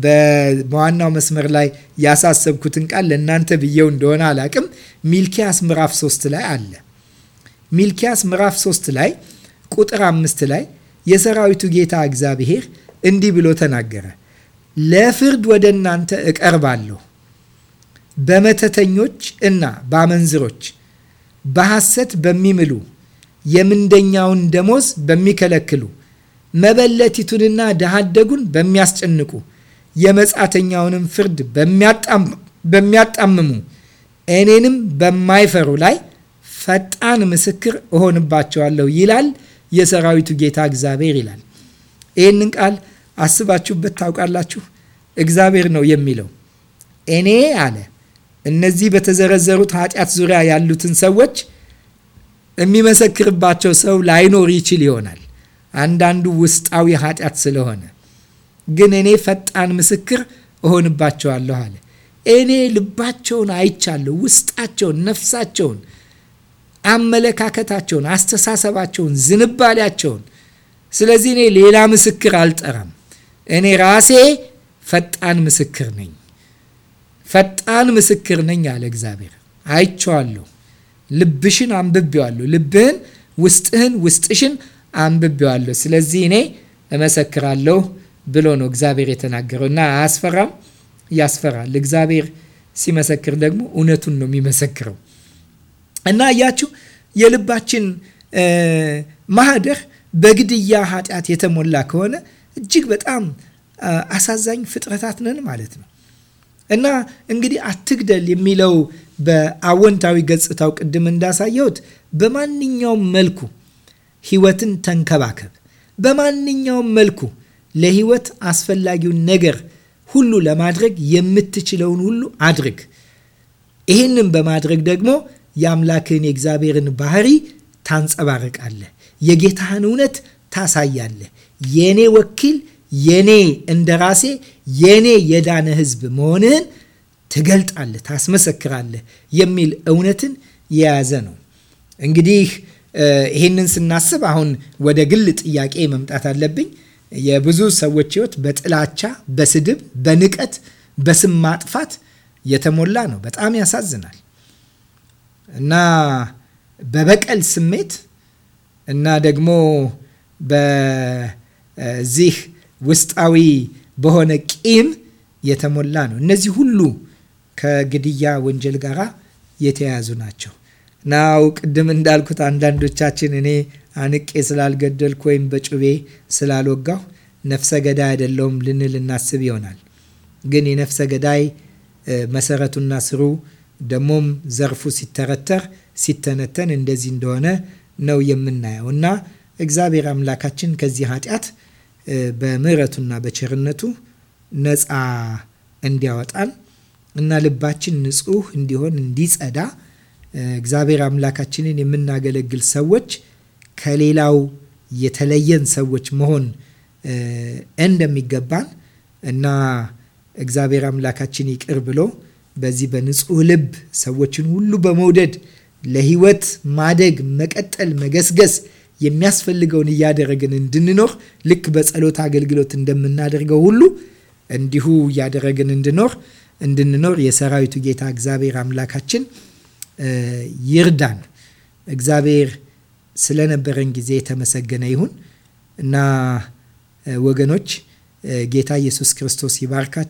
በዋናው መስመር ላይ ያሳሰብኩትን ቃል ለእናንተ ብዬው እንደሆነ አላቅም። ሚልኪያስ ምዕራፍ ሶስት ላይ አለ። ሚልኪያስ ምዕራፍ ሶስት ላይ ቁጥር አምስት ላይ የሰራዊቱ ጌታ እግዚአብሔር እንዲህ ብሎ ተናገረ። ለፍርድ ወደ እናንተ እቀርባለሁ። በመተተኞች እና በአመንዝሮች በሐሰት በሚምሉ የምንደኛውን ደሞዝ በሚከለክሉ መበለቲቱንና ደሃደጉን በሚያስጨንቁ የመጻተኛውንም ፍርድ በሚያጣምሙ እኔንም በማይፈሩ ላይ ፈጣን ምስክር እሆንባቸዋለሁ ይላል የሰራዊቱ ጌታ እግዚአብሔር ይላል። ይህንን ቃል አስባችሁበት ታውቃላችሁ? እግዚአብሔር ነው የሚለው። እኔ አለ እነዚህ በተዘረዘሩት ኃጢአት ዙሪያ ያሉትን ሰዎች የሚመሰክርባቸው ሰው ላይኖር ይችል ይሆናል፣ አንዳንዱ ውስጣዊ ኃጢአት ስለሆነ ግን እኔ ፈጣን ምስክር እሆንባቸዋለሁ አለ። እኔ ልባቸውን አይቻለሁ፣ ውስጣቸውን፣ ነፍሳቸውን አመለካከታቸውን፣ አስተሳሰባቸውን፣ ዝንባሌያቸውን። ስለዚህ እኔ ሌላ ምስክር አልጠራም። እኔ ራሴ ፈጣን ምስክር ነኝ። ፈጣን ምስክር ነኝ አለ እግዚአብሔር። አይቼዋለሁ። ልብሽን አንብቤዋለሁ። ልብህን፣ ውስጥህን፣ ውስጥሽን አንብቤዋለሁ። ስለዚህ እኔ እመሰክራለሁ ብሎ ነው እግዚአብሔር የተናገረው እና አያስፈራም? ያስፈራል። እግዚአብሔር ሲመሰክር ደግሞ እውነቱን ነው የሚመሰክረው። እና እያችሁ የልባችን ማህደር በግድያ ኃጢአት የተሞላ ከሆነ እጅግ በጣም አሳዛኝ ፍጥረታት ነን ማለት ነው። እና እንግዲህ አትግደል የሚለው በአወንታዊ ገጽታው ቅድም እንዳሳየሁት በማንኛውም መልኩ ህይወትን ተንከባከብ፣ በማንኛውም መልኩ ለህይወት አስፈላጊውን ነገር ሁሉ ለማድረግ የምትችለውን ሁሉ አድርግ። ይህንም በማድረግ ደግሞ የአምላክህን የእግዚአብሔርን ባህሪ ታንጸባርቃለህ። የጌታህን እውነት ታሳያለህ። የኔ ወኪል የኔ እንደ ራሴ የኔ የዳነ ህዝብ መሆንህን ትገልጣለህ፣ ታስመሰክራለህ የሚል እውነትን የያዘ ነው። እንግዲህ ይህንን ስናስብ አሁን ወደ ግል ጥያቄ መምጣት አለብኝ። የብዙ ሰዎች ህይወት በጥላቻ፣ በስድብ፣ በንቀት፣ በስም ማጥፋት የተሞላ ነው። በጣም ያሳዝናል። እና በበቀል ስሜት እና ደግሞ በዚህ ውስጣዊ በሆነ ቂም የተሞላ ነው። እነዚህ ሁሉ ከግድያ ወንጀል ጋር የተያያዙ ናቸው። ናው ቅድም እንዳልኩት አንዳንዶቻችን እኔ አንቄ ስላልገደልኩ ወይም በጩቤ ስላልወጋሁ ነፍሰ ገዳይ አይደለውም ልንል እናስብ ይሆናል። ግን የነፍሰ ገዳይ መሰረቱና ስሩ ደግሞም ዘርፉ ሲተረተር ሲተነተን እንደዚህ እንደሆነ ነው የምናየው እና እግዚአብሔር አምላካችን ከዚህ ኃጢአት በምሕረቱና በቸርነቱ ነፃ እንዲያወጣን እና ልባችን ንጹህ እንዲሆን እንዲጸዳ እግዚአብሔር አምላካችንን የምናገለግል ሰዎች ከሌላው የተለየን ሰዎች መሆን እንደሚገባን እና እግዚአብሔር አምላካችን ይቅር ብሎ በዚህ በንጹህ ልብ ሰዎችን ሁሉ በመውደድ ለህይወት ማደግ፣ መቀጠል፣ መገስገስ የሚያስፈልገውን እያደረግን እንድንኖር ልክ በጸሎት አገልግሎት እንደምናደርገው ሁሉ እንዲሁ እያደረግን እንድኖር እንድንኖር የሰራዊቱ ጌታ እግዚአብሔር አምላካችን ይርዳን። እግዚአብሔር ስለነበረን ጊዜ የተመሰገነ ይሁን እና ወገኖች ጌታ ኢየሱስ ክርስቶስ ይባርካችሁ።